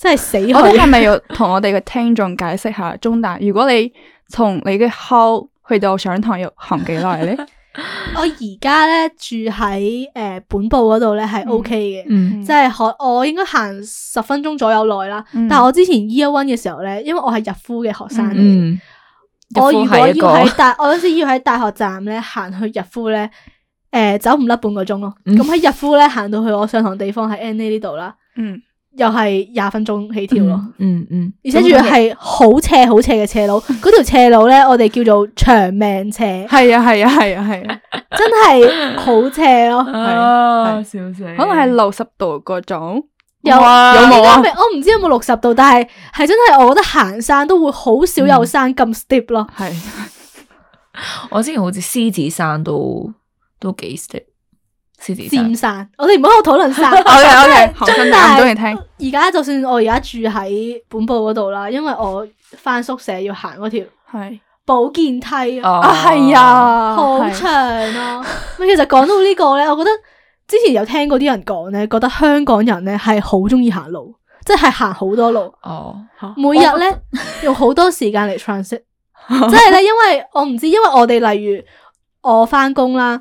真係死！我係咪要同我哋嘅聽眾解釋下中大？如果你從你嘅校去到上堂要行幾耐咧？我而家咧住喺誒本部嗰度咧係 OK 嘅，即係學我應該行十分鐘左右耐啦。嗯、但係我之前 year one 嘅時候咧，因為我係日夫嘅學生、嗯嗯、我如果要喺大我嗰時要喺大學站咧行去日夫咧，誒、呃、走唔甩半個鐘咯。咁喺、嗯、日夫咧行到去我上堂地方喺 N A 呢度啦。嗯。又係廿分鐘起跳咯、嗯，嗯嗯，而且仲要係好斜好斜嘅斜路，嗰條、嗯、斜路咧，我哋叫做長命斜，係、嗯嗯嗯、啊係啊係啊係，真係好斜咯，笑死，可能係六十度嗰種，有哇有冇啊？我唔知有冇六十度，但係係真係，我覺得行山都會好少有山咁 steep 咯，係、嗯。 我之前好似獅子山都都幾 steep。佔山，我哋唔好喺度討論山。我哋我哋，真係中意聽。而家就算我而家住喺本部嗰度啦，因為我翻宿舍要行嗰條係保健梯啊，係啊，好長啊。咪其實講到呢個咧，我覺得之前有聽過啲人講咧，覺得香港人咧係好中意行路，即係行好多路哦。每日咧用好多時間嚟 transit，即係咧，因為我唔知，因為我哋例如我翻工啦。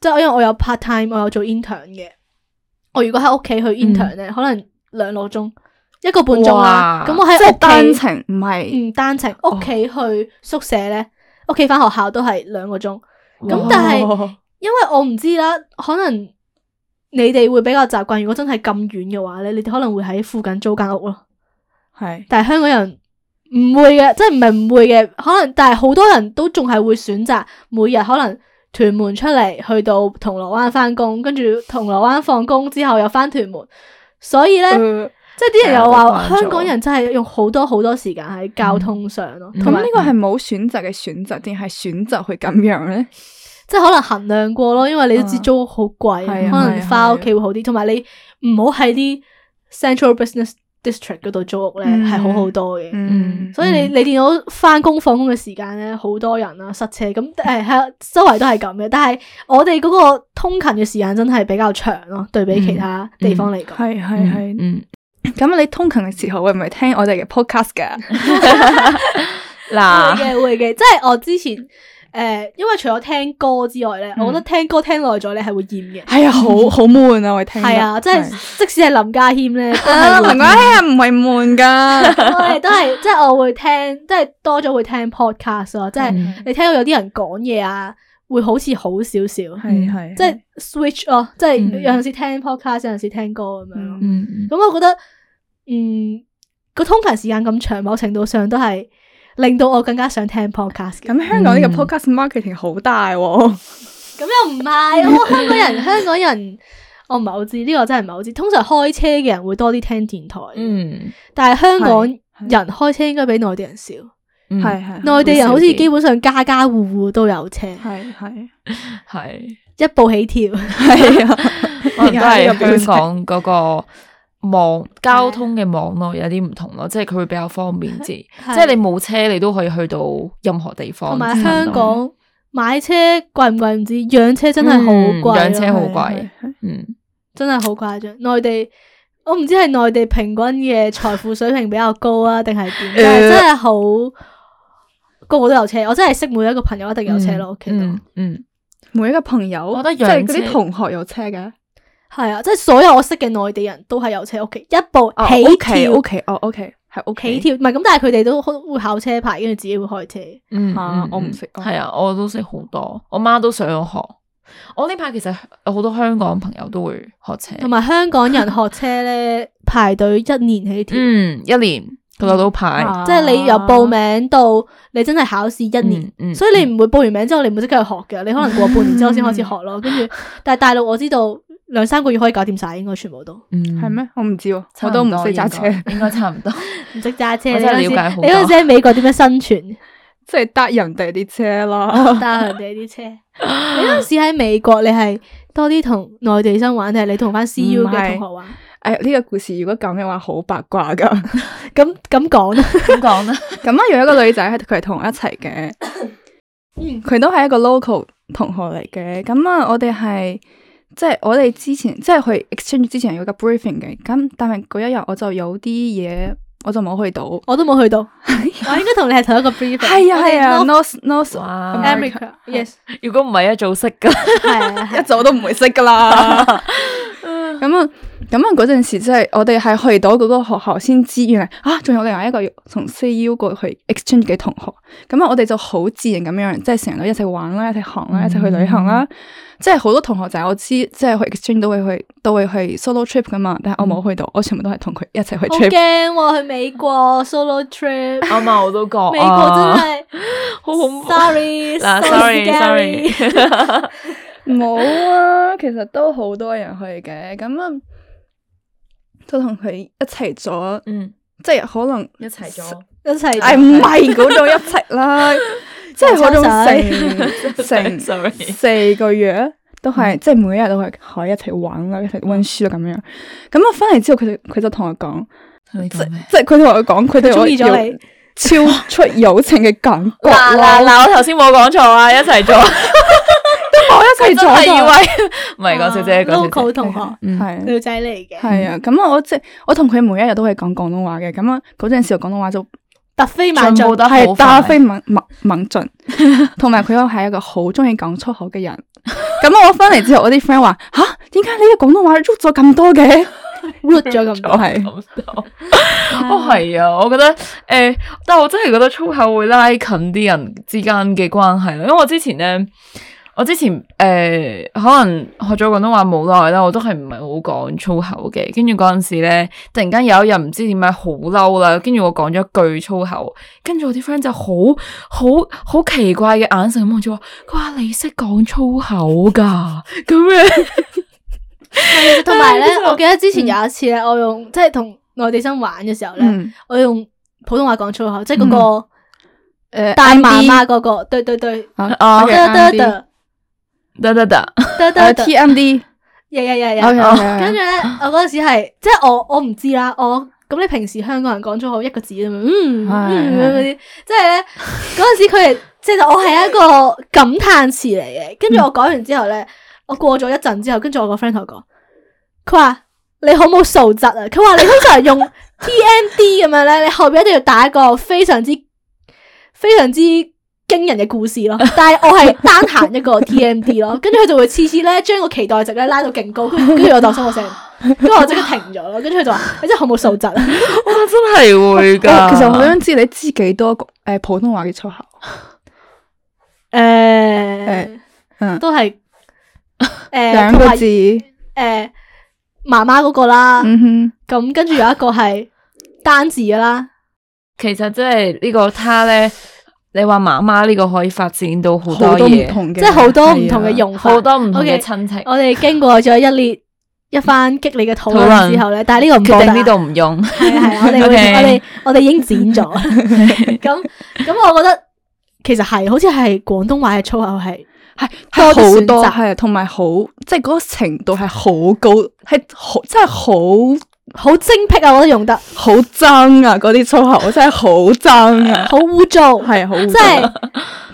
即係因為我有 part time，我有做 intern 嘅。我如果喺屋企去 intern 咧，嗯、可能兩個鐘，一個半鐘啦、啊。咁我喺屋即係單程唔係，唔單程。屋企是、嗯、去宿舍咧，屋企翻學校都係兩個鐘。咁、哦、但係、哦、因為我唔知啦，可能你哋會比較習慣。如果真係咁遠嘅話咧，你哋可能會喺附近租間屋咯。係是，但係香港人唔會嘅，即係唔係唔會嘅。可能但係好多人都仲係會選擇每日可能。屯門出嚟，去到銅鑼灣翻工，跟住銅鑼灣放工之後又翻屯門，所以呢，即係啲人又話香港人真係用好多好多時間喺交通上咯。咁呢個係冇選擇嘅選擇，定係選擇去咁樣呢？即係、嗯、可能衡量過咯，因為你都知租好貴，啊、可能翻屋企會好啲。同埋你唔好喺啲 central business。district 嗰度租屋咧係好好多嘅，所以你你見到翻工放工嘅時間咧好多人啦，塞車咁誒，係周圍都係咁嘅。但係我哋嗰個通勤嘅時間真係比較長咯，對比其他地方嚟講。係係係，嗯，咁你通勤嘅時候會唔會聽我哋嘅 podcast 噶？嗱，會嘅會嘅，即係我之前。誒，因為除咗聽歌之外咧，我覺得聽歌聽耐咗咧係會厭嘅。係啊，好好悶啊，我係聽。係啊，即係即使係林家謙咧，林家謙唔係悶噶。我哋都係即係，我會聽，即係多咗會聽 podcast 咯。即係你聽到有啲人講嘢啊，會好似好少少。係係，即係 switch 咯，即係有陣時聽 podcast，有陣時聽歌咁樣咯。咁我覺得，嗯，個通勤時間咁長，某程度上都係。令到我更加想聽 podcast、嗯。咁香港呢個 podcast marketing 好大喎、哦嗯。咁 又唔係，我香港人，香港人，我唔係好知呢、呢個真係唔係好知。通常開車嘅人會多啲聽電台。嗯。但係香港人開車應該比內地人少。係係、嗯。內地人好似基本上家家戶戶都有車。係係係。一部起跳。係啊。可能 都係香港嗰、嗰個。網交通嘅網絡，有啲唔同咯，即係佢會比較方便啲。的即係你冇車，你都可以去到任何地方。同埋香港買車貴唔貴唔知，養車真係好貴，養車好貴，嗯，嗯真係好誇張。內地我唔知係內地平均嘅財富水平比較高啊，定係點， 但係真係好個,個個都有車。我真係識每一個朋友一定有車咯，屋企、嗯嗯，嗯，每一個朋友我即係嗰啲同學有車嘅。係啊，即係所有我識嘅內地人都係有車屋企，一部起跳，O K O K，哦 O K，係起跳，唔係咁，但係佢哋都會考車牌，跟住自己會開車。嗯，我唔識。係啊，我都識好多，我媽都想我學。我呢排其實有好多香港朋友都會學車，同埋香港人學車咧排隊一年起跳，嗯，一年個個都排，即係你由報名到你真係考試一年，所以你唔會報完名之後你唔會即刻去學嘅，你可能過半年之後先開始學咯。跟住，但係大陸我知道。兩三個月可以搞掂晒，應該全部都，係咩？我唔知，我都唔識揸車，應該差唔多，唔識揸車。我真係了解好多。你嗰時喺美國點樣生存？即係得人哋啲車咯，得人哋啲車。你嗰時喺美國，你係多啲同內地生玩定係你同翻 CU 嘅同學玩？誒，呢個故事如果咁嘅話，好八卦噶。咁咁講啦，咁講啦。咁啊，有一個女仔係佢係同我一齊嘅，佢都係一個 local 同學嚟嘅。咁啊，我哋係。即係我哋之前，即係去 exchange 之前有個 briefing 嘅，咁但係嗰一日我就有啲嘢，我就冇去到，我都冇去到， 我應該同你係同一個 briefing，係 啊係啊，North North America，yes，如果唔係一早識噶， 係啊係啊、一早都唔會識噶啦。 咁、嗯、啊，咁啊嗰陣時即係我哋係去到嗰個學校先知，原來啊，仲有另外一個從 C U 過去 exchange 嘅同學。咁、嗯、啊，嗯、我哋就好自然咁樣，即係成日都一齊玩啦，一齊行啦，一齊去旅行啦。即係好多同學就係我知，即係去 exchange 都會去，都會去 solo trip 噶嘛。但係我冇去到，嗯、我全部都係同佢一齊去 trip。驚喎，去美國 solo trip，啱啱 我都覺。美國真係 好恐怖。Sorry，sorry，sorry。冇啊，其實都好多人去嘅，咁啊都同佢一齊咗，嗯，即係可能一齊咗，一齊，誒唔係嗰種一齊啦，即係嗰種成成四個月都係，即係每一日都係可以一齊玩啦，一齊溫書咁樣。咁啊，翻嚟之後佢就佢就同我講，即即係佢同我講，佢對我超出友情嘅感覺啦。嗱嗱，我頭先冇講錯啊，一齊咗。我一齊以為，唔係嗰小姐，local 同學係女仔嚟嘅。係啊，咁我即係我同佢每一日都係講廣東話嘅。咁啊，嗰陣時候廣東話就突飛猛進，係突飛猛猛猛進。同埋佢又係一個好中意講粗口嘅人。咁我翻嚟之後，我啲 friend 話：吓，點解你嘅廣東話喐咗咁多嘅，喐咗咁多係。哦，係啊，我覺得誒，但我真係覺得粗口會拉近啲人之間嘅關係啦。因為我之前咧。我之前誒，呃、可能學咗廣東話冇耐啦，我都係唔係好講粗口嘅。跟住嗰陣時咧，突然間有一日唔知點解好嬲啦，跟住我講咗句粗口，跟住我啲 friend 就好好好奇怪嘅眼神望住我，佢話你識講粗口㗎咁樣。同埋咧，我記得之前有一次咧，我用即係同內地生玩嘅時候咧，我用普通話講粗口，嗯、即係嗰個大媽媽嗰、嗰個，嗯呃啊、對，對，對對對，得得得。Uh, okay, uh, 啊 uh, uh, uh, 得得得，T M D，呀呀呀呀，跟住咧，我嗰陣時係，即係我我唔知啦，我咁你平時香港人講咗好一個字咁樣，嗯，啲，即係咧嗰陣時佢係，即係我係一個感嘆詞嚟嘅，跟住我講完之後咧，嗯、我過咗一陣之後，跟住我個 friend 同我講，佢話你好冇素質啊，佢話 你通常用 T M D 咁樣咧， 你後邊一定要打一個非常之，非常之。驚人嘅故事咯，但係我係單行一個 TMD 咯，跟住佢就會次次咧將個期待值咧拉到勁高，跟住我收個聲，跟住我即刻停咗咯，跟住佢就話你 真係好冇素質，哇真係會噶。其實我想知你知幾多個誒普通話嘅粗口？誒，都係兩個字，誒，媽媽嗰個啦，咁跟住有一個係單字噶啦，其實即係呢個他咧。你話媽媽呢個可以發展到好多唔同嘅即係好多唔同嘅用法，好、啊、多唔同嘅親戚。Okay, 我哋經過咗一列一番激烈嘅討論之後咧，通但係呢個唔，呢度唔用。係 啊係啊，我哋 Okay. 我哋我哋已經剪咗。咁咁， 我覺得其實係，好似係廣東話嘅粗口多，係係好多，係同埋好，即係嗰個程度係好高，係好，真係好。好精闢啊！我都用得好憎啊！嗰啲粗口我真係好憎啊！好污糟係啊，好即係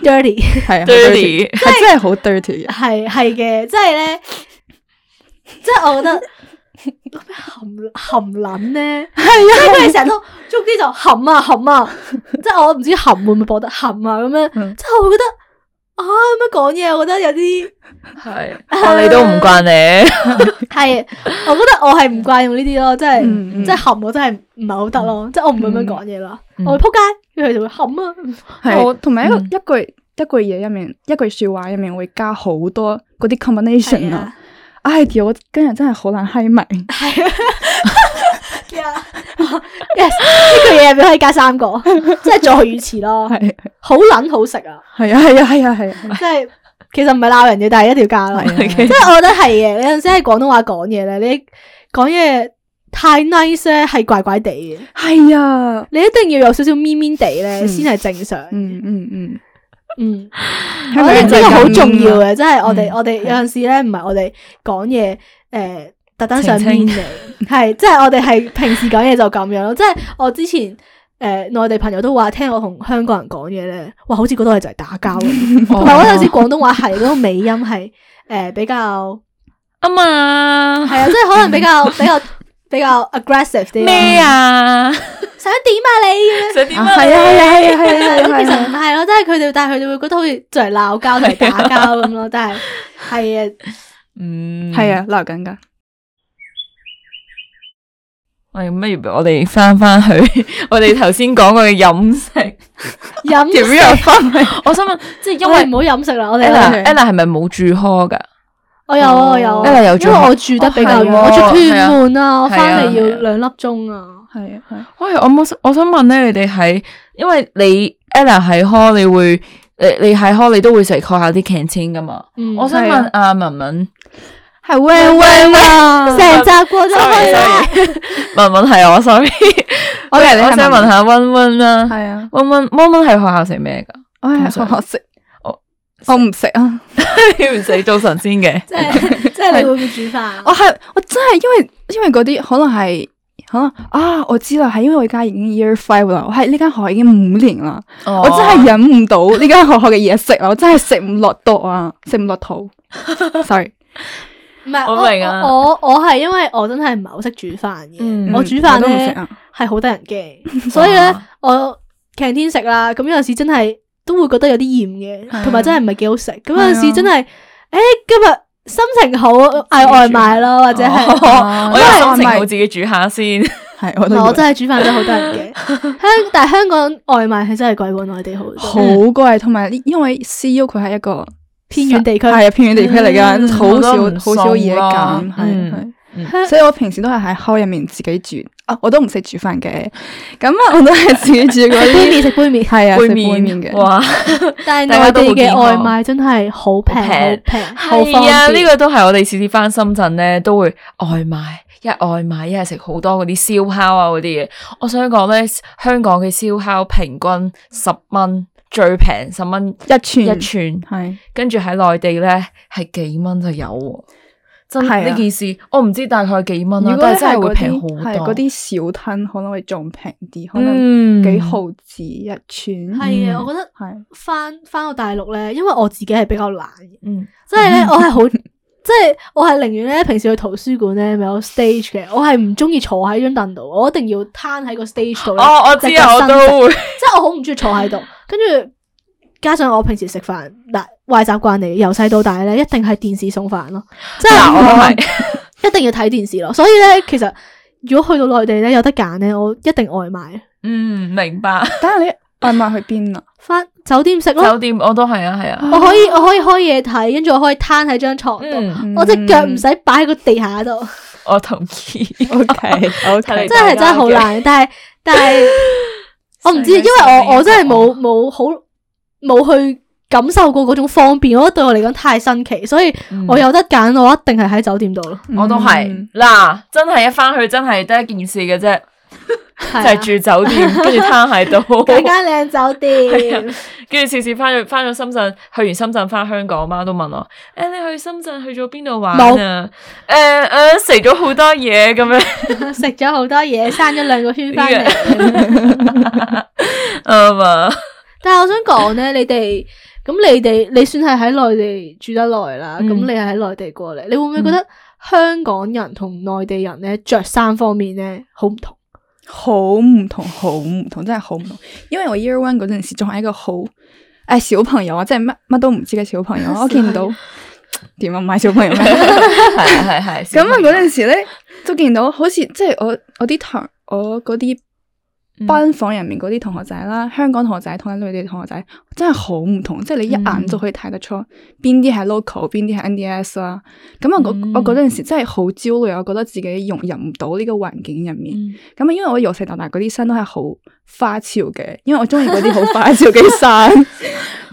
dirty 係啊，dirty 係真係好 dirty 係係嘅，即係咧，即係我覺得嗰咩含含撚咧係啊，佢哋成日都中啲就含啊含啊，即係我唔知含會唔會覺得含啊咁樣，即係我會覺得。啊咁樣講嘢，我覺得有啲係，我、啊、你都唔慣你，係，我覺得我係唔慣用呢啲咯，真係，嗯、即係冚我真係唔係好得咯，嗯、即係我唔會咁樣講嘢啦，嗯、我會扑街、啊嗯，一係就會冚啊，係，同埋一個一句一句嘢，入面一句說話，入面會加好多嗰啲 combination 啊，啊哎呀，我今日真係好難聽明。呀，yes，呢個嘢入面可以加三個，即係助語詞咯，係好捻好食啊，係啊係啊係啊係，即係其實唔係鬧人嘅，但係一條架嚟，即係我覺得係嘅。有陣時喺廣東話講嘢咧，你講嘢太 nice 咧，係怪怪地嘅。係啊，你一定要有少少咪咪地咧，先係正常。嗯嗯嗯嗯，真係好重要嘅，即係我哋我哋有陣時咧，唔係我哋講嘢誒。特登上黏你，係即係我哋係平時講嘢就咁樣咯。即係我之前誒內地朋友都話聽我同香港人講嘢咧，哇，好似嗰度係就嚟打交咯。同埋嗰陣時廣東話係嗰個尾音係誒比較啊嘛，係啊，即係可能比較比較比較 aggressive 啲咩啊？想點啊？你想點啊？係啊係啊係啊係啊！其實唔係咯，即係佢哋但係佢哋會覺得好似就嚟鬧交同嚟打交咁咯。但係係啊，嗯，係啊，鬧緊噶。喂，咩？我哋翻翻去，我哋頭先講過嘅飲食，飲食翻嚟。我想問，即係因為唔好飲食啦，我哋。Ella 係咪冇住 hall 噶？我有，我有。Ella 有，因為我住得比較遠，我住屯門啊，我翻嚟要兩粒鐘啊，係啊。喂，我我想我想問咧，你哋喺，因為你 Ella 喺 hall，你會，誒，你喺 hall，你都會食開下啲 canteen 噶嘛？我想問阿文文。係溫溫啦，成集過咗去。文文係我 sorry，我嚟，我想問下溫溫啦。係啊，溫溫溫溫喺學校食咩噶？我喺學校食，我我唔食啊！你唔食做神仙嘅，即係即係會煮飯？我係我真係因為因為嗰啲可能係可能啊，我知啦，係因為我而家已經 year five 啦，我喺呢間學校已經五年啦，我真係忍唔到呢間學校嘅嘢食，啦我真係食唔落肚啊，食唔落肚。sorry。唔係我我我係因為我真係唔係好識煮飯嘅，我煮飯咧係好得人驚，所以咧我 canteen 食啦，咁有陣時真係都會覺得有啲厭嘅，同埋真係唔係幾好食。咁有陣時真係，誒今日心情好嗌外賣咯，或者係我因為心情好自己煮下先，係我真係煮飯真係好得人驚。香但係香港外賣係真係貴過內地好多，好貴，同埋因為 CU 佢係一個。偏遠地區係啊，偏遠地區嚟噶好少好少嘢揀，係係，所以我平時都係喺 hall 入面自己煮啊，我都唔識煮飯嘅，咁我都係自己煮嗰杯麵食杯麵，係啊杯麵嘅，哇！但係內地嘅外賣真係好平好平，係啊，呢個都係我哋次次翻深圳咧都會外賣，一外賣一係食好多嗰啲燒烤啊嗰啲嘢。我想講咧香港嘅燒烤平均十蚊。最平十蚊一串寸，一串寸係，跟住喺內地咧係幾蚊就有，真係呢、啊、件事，我唔知大概幾蚊。如果真係會平好多，嗰啲小攤可能會仲平啲，嗯、可能幾毫子一串。係啊、嗯，我覺得係返返到大陸咧，因為我自己係比較懶嘅，嗯，即係咧我係好。 即係我係寧願咧，平時去圖書館咧咪有 stage 嘅，我係唔中意坐喺張凳度，我一定要攤喺個 stage 度。哦，我知啊，我都也即係我好唔中意坐喺度。跟住 加上我平時食飯嗱，壞習慣嚟，由細到大咧，一定係電視送飯咯。 即係我係 一定要睇電視咯。所以咧，其實如果去到內地咧有得揀咧，我一定外賣。嗯，明白。但係你。買埋去邊啊？翻酒店食咯？酒店我都係啊，係啊。我可以，我可以開嘢睇，跟住我可以攤喺張床度，嗯嗯、我隻腳唔使擺喺個地下度。我同意。O K，好，真係真係好難， 但係但係我唔知，因為我我真係冇冇好冇去感受過嗰種方便，我覺得對我嚟講太新奇，所以我有得揀，嗯、我一定係喺酒店度咯。我都係。嗱，真係一翻去真係得一件事嘅啫。 就係住酒店，跟住攤喺度。幾間靚酒店，跟住次次翻咗翻咗深圳，去完深圳翻香港，媽都問我，誒、欸，你去深圳去咗邊度玩啊？誒誒沒，食咗好多嘢咁樣，食咗好多嘢，生咗兩個圈翻嚟。但係我想講呢，你哋咁你哋，你算係喺內地住得耐啦，咁、嗯、你係喺內地過嚟，你會唔會覺得香港人同內地人咧着衫方面咧好唔同？好唔同，好唔同，真係好唔同。因為我 year one 嗰陣時仲係一個好誒小朋友啊，真係乜乜都唔知嘅小朋友，我見到點啊，唔係小朋友咩？係係係。咁啊，嗰陣時咧都見到，好似即係我我啲堂我嗰啲。carbohyd? as a little. as a little 班房入面嗰啲同學仔啦，香港同學仔同內地同學仔真係好唔同。嗯、即係你一眼就可以睇得出邊啲係 local，邊啲係 NDS 啦。咁啊，嗯、我我嗰陣時真係好焦慮，我覺得自己融入唔到呢個環境入面。咁因為我由細到大嗰啲衫都係好花俏嘅，因為我中意嗰啲好花俏嘅衫。咁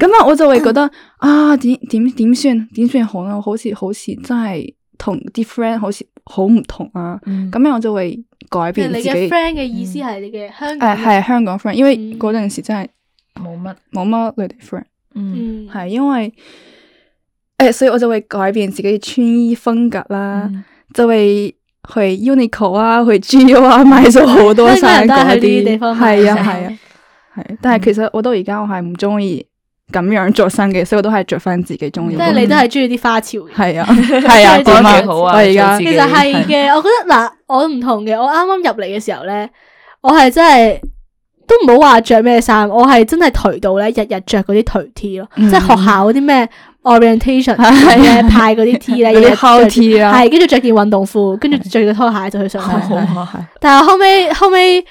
啊， 嗯、我就會覺得啊，點點點算？點算好啊？好似好似真係同啲 friend 好似。好唔同啊！咁、嗯、樣我就會改變自己 friend 嘅意思係你嘅香港誒係、嗯啊、香港 friend，因為嗰陣時真係冇乜冇乜內地 friend，嗯係、嗯、因為誒、欸，所以我就會改變自己嘅穿衣風格啦，嗯、就會去 Uniqlo 啊，去 G O 啊，買咗好多衫嗰啲，地方，係啊係啊係。但係其實我到而家我係唔中意。咁樣着身嘅，所以我都係着翻自己中意。即係你都係中意啲花俏。係啊，係啊，幾好啊！我而家其實係嘅，我覺得嗱，我唔同嘅。我啱啱入嚟嘅時候咧，我係真係都唔好話着咩衫，我係真係頹到咧，日日着嗰啲頹 T 咯，即係學校嗰啲咩 orientation 咧派嗰啲 T 咧，係跟住着件運動褲，跟住着對拖鞋就去上課。但係後尾，後尾誒，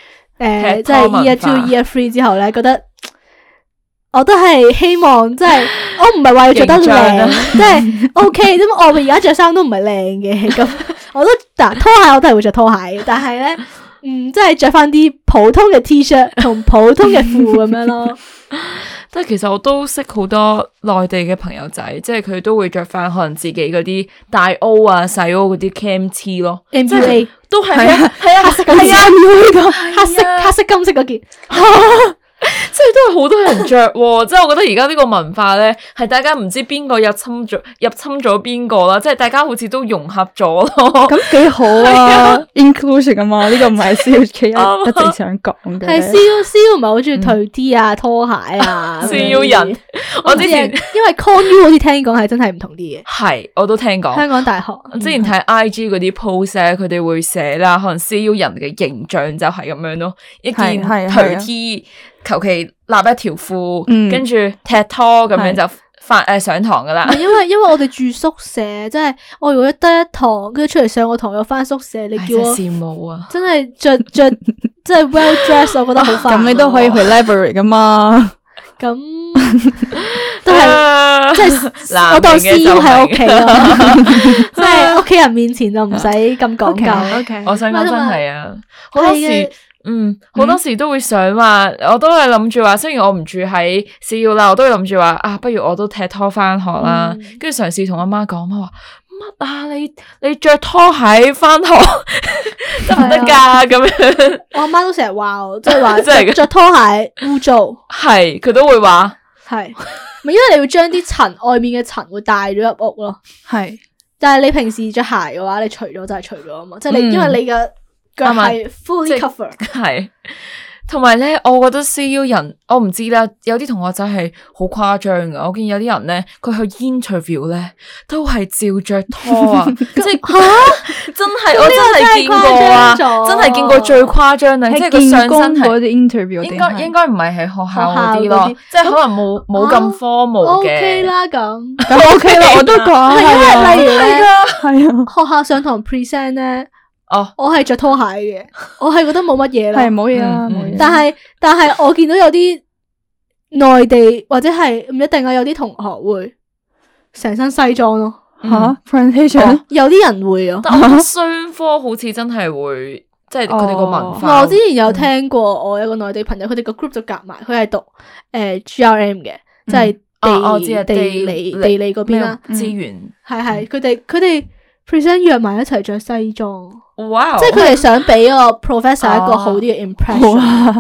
即係 year two year three 之後咧，覺得。我都係希望，即係我唔係話要着得靚，即係 OK。咁、 okay，我哋而家着衫都唔係靚嘅，咁 我都打拖鞋，我都係會着拖鞋但係咧，嗯，即係着翻啲普通嘅 T-shirt 同普通嘅褲咁樣咯。即係其實我都識好多內地嘅朋友仔，即係佢都會着翻可能自己嗰啲大 O 啊、細 O 嗰啲 camt 咯，即係都係黑係啊，黑色嗰啊，黑色、啊、黑色黑色金色嗰件。啊 即係都係好多人着，即係我覺得而家呢個文化咧，係大家唔知邊個入侵咗入侵咗邊個啦，即係大家好似都融合咗咯，咁幾好啊！Inclusion 啊嘛，呢個唔係 CU 一直想講嘅。係 CU 唔係好中意退 T 啊、拖鞋啊 CU 人。我之前因為 ConU 好似聽講係真係唔同啲嘢。係我都聽講。香港大學，我之前睇 IG 嗰啲 post，佢哋會寫啦，可能 CU 人嘅形象就係咁樣咯，一件拖 T。求其立一條褲，跟住踢拖咁樣就翻誒上堂噶啦。因為因為我哋住宿舍，即係我如果得一堂，跟住出嚟上個堂又翻宿舍，你叫我羨慕啊！真係着着，真係 well dressed，我覺得好快。咁你都可以去 library 噶嘛？咁都係即係我當 C 都喺屋企咯，即係屋企人面前就唔使咁講究。O K，我想講真係啊，好多嗯，好多時都會想話，嗯、我都係諗住話，雖然我唔住喺市要啦，我都會諗住話啊，不如我都踢拖翻學啦，嗯、嘗試跟住嘗試同阿媽講，阿媽話乜啊？你你着拖鞋翻學得唔得噶咁樣？我阿媽都成日話，即係話着拖鞋污糟，係佢 都會話，係咪因為你會將啲塵外面嘅塵會帶咗入屋咯？係是，但係你平時着鞋嘅話，你除咗就係除咗啊嘛，即、就、係、是、你因為你嘅。嗯佢埋，fully cover，係同埋咧，我覺得 C U 人我唔知啦，有啲同學仔係好誇張噶，我見有啲人咧，佢去 interview 咧都係照着拖啊，即係吓真係我真係見過啊，真係見過最誇張啦，即係佢上身嗰啲 interview，應該應該唔係喺學校嗰啲咯，即係可能冇冇咁科 o 嘅，O K 啦咁，咁 O K 啦，我都講係啦，係啊，學校上堂 present 咧。哦，我係着拖鞋嘅，我係覺得冇乜嘢，係冇嘢啦。但係但係我見到有啲內地或者係唔一定啊，有啲同學會成身西裝咯。吓 presentation，有啲人會啊。但雙科好似真係會，即係佢哋個文化。我之前有聽過，我有個內地朋友，佢哋個 group 就夾埋，佢係讀誒 G R M 嘅，即係地地地理地理嗰邊啊，資源。係係佢哋佢哋 present 約埋一齊着西裝。Wow, 即係佢哋想俾個 professor 一個好啲嘅 impression，啊。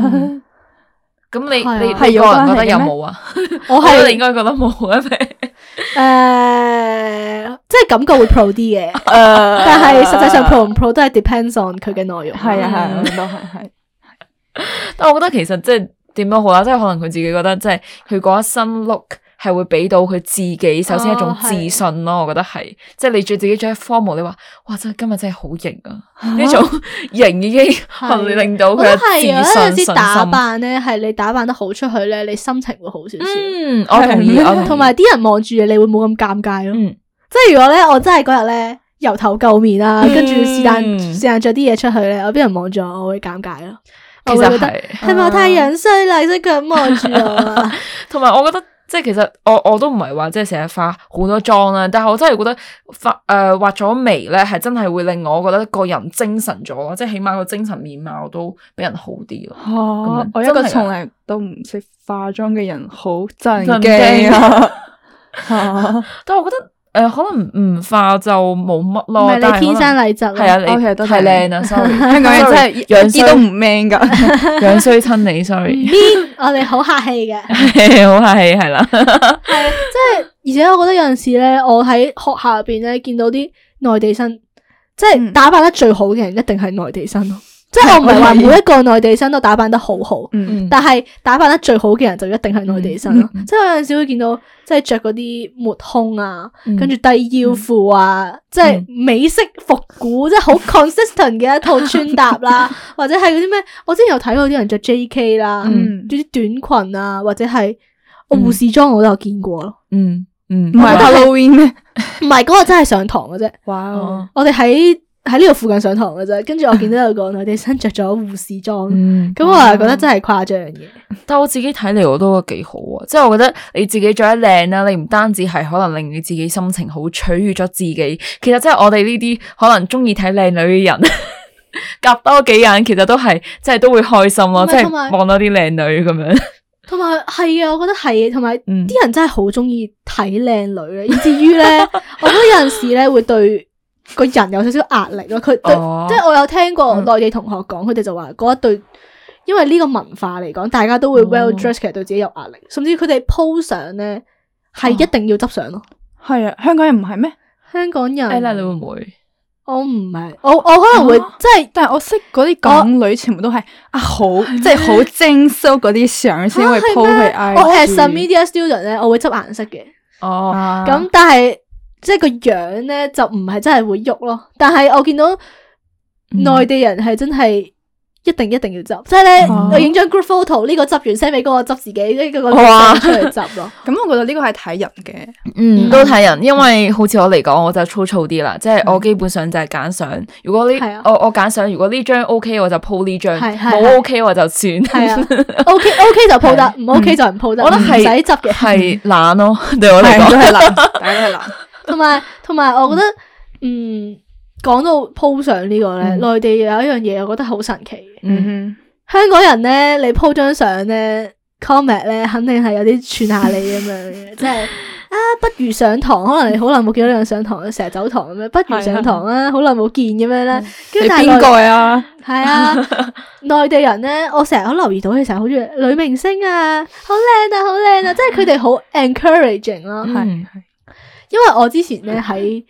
咁、嗯、你、啊、你有人覺得有冇啊？ 我係你應該覺得冇啊你。誒， uh, 即係感覺會 pro 啲嘅。誒，uh, 但係實際上 pro 唔 pro 都係 depends on 佢嘅內容。係、uh, 嗯、啊係，都係係。啊啊啊啊、 但係我覺得其實即係點都好啦，即係可能佢自己覺得即係佢嗰一身 look。係會俾到佢自己首先一種自信咯，我覺得係，即係你着自己着喺 formal，你話哇真係今日真係好型啊！呢種型已經令到佢自信。我有一陣時打扮咧，係你打扮得好出去咧，你心情會好少少。嗯，我同意。同埋啲人望住你，你會冇咁尷尬咯。即係如果咧，我真係嗰日咧油頭垢面啦，跟住是但是但着啲嘢出去咧，有啲人望住我，我會尷尬咯。其實係。係咪太樣衰啦？所以佢望住我同埋我覺得。即係其實我我都唔係話即係成日化好多妝啦，但係我真係覺得化、誒、呃、畫咗眉咧係真係會令我覺得個人精神咗，即係起碼個精神面貌都俾人好啲咯。啊、樣我一個從嚟都唔識化妝嘅人，好震驚啊！震驚啊 但係我覺得。誒，可能唔化就冇乜咯。唔係你天生麗質咯，係啊，你其實都係靚啊。sorry，香港人真係樣衰都唔 man 噶，樣衰親你。sorry，唔 man，我哋好客氣嘅，好客氣係啦。係，即係，而且我覺得有陣時咧，我喺學校入邊咧見到啲內地生，即係打扮得最好嘅人，一定係內地生咯。即係我唔係話每一個內地生都打扮得好好，但係打扮得最好嘅人就一定係內地生咯。即係有陣時會見到，即係着嗰啲抹胸啊，跟住低腰褲啊，即係美式復古，即係好 consistent 嘅一套穿搭啦，或者係嗰啲咩？我之前有睇過啲人着 J.K. 啦，着啲短裙啊，或者係護士裝，我都有見過咯。嗯嗯，唔係 Halloween，唔係嗰個真係上堂嘅啫。哇，我哋喺喺呢度附近上堂嘅啫，跟住我見到有個女仔身着咗護士裝，咁、嗯、我係覺得真係誇張嘅。但我自己睇嚟我都覺得幾好啊，即係我覺得你自己着得靚啦，你唔單止係可能令你自己心情好，取悅咗自己。其實即係我哋呢啲可能中意睇靚女嘅人，夾 多幾眼其實都係即係都會開心咯，即係望多啲靚女咁樣。同埋係啊，我覺得係，同埋啲人真係好中意睇靚女嘅，以至於咧， 我覺得有陣時咧會對。個人有少少壓力咯，佢對，即係我有聽過內地同學講，佢哋就話嗰一對，因為呢個文化嚟講，大家都會 well dressed 其實，對自己有壓力，甚至佢哋鋪相咧係一定要執相咯。係啊，香港人唔係咩？香港人，係啦，你會唔會？我唔係，我我可能會即係，但係我識嗰啲港女，全部都係啊好，即係好精修嗰啲相先去鋪去 IG。我係 media student 咧，我會執顏色嘅。哦，咁但係。即係個樣咧就唔係真係會喐咯，但係我見到內地人係真係一定一定要執，即係咧我影張 group photo 呢個執完，send 俾個執自己，呢個個拎出嚟執咯。咁我覺得呢個係睇人嘅，嗯都睇人，因為好似我嚟講我就粗粗啲啦，即係我基本上就係揀相。如果呢，我我揀相，如果呢張 O K 我就鋪呢張，冇 O K 我就算。O K O K 就鋪得，唔 O K 就唔鋪得，我覺得係唔使執嘅，係懶咯。對我嚟講，大家都係懶，大家都係懶。同埋同埋，我覺得嗯講到 po 相呢個咧，內地有一樣嘢，我覺得好神奇。嗯哼，香港人咧，你 po 張相咧 comment 咧，肯定係有啲串下你咁樣嘅，即係啊，不如上堂，可能你好耐冇見到你上堂，成日走堂咁樣，不如上堂啦，好耐冇見咁樣咧。你邊個呀？係啊，內地人咧，我成日好留意到，佢成日好中意女明星啊，好靚啊，好靚啊，即係佢哋好 encouraging 咯，係。因為我之前咧喺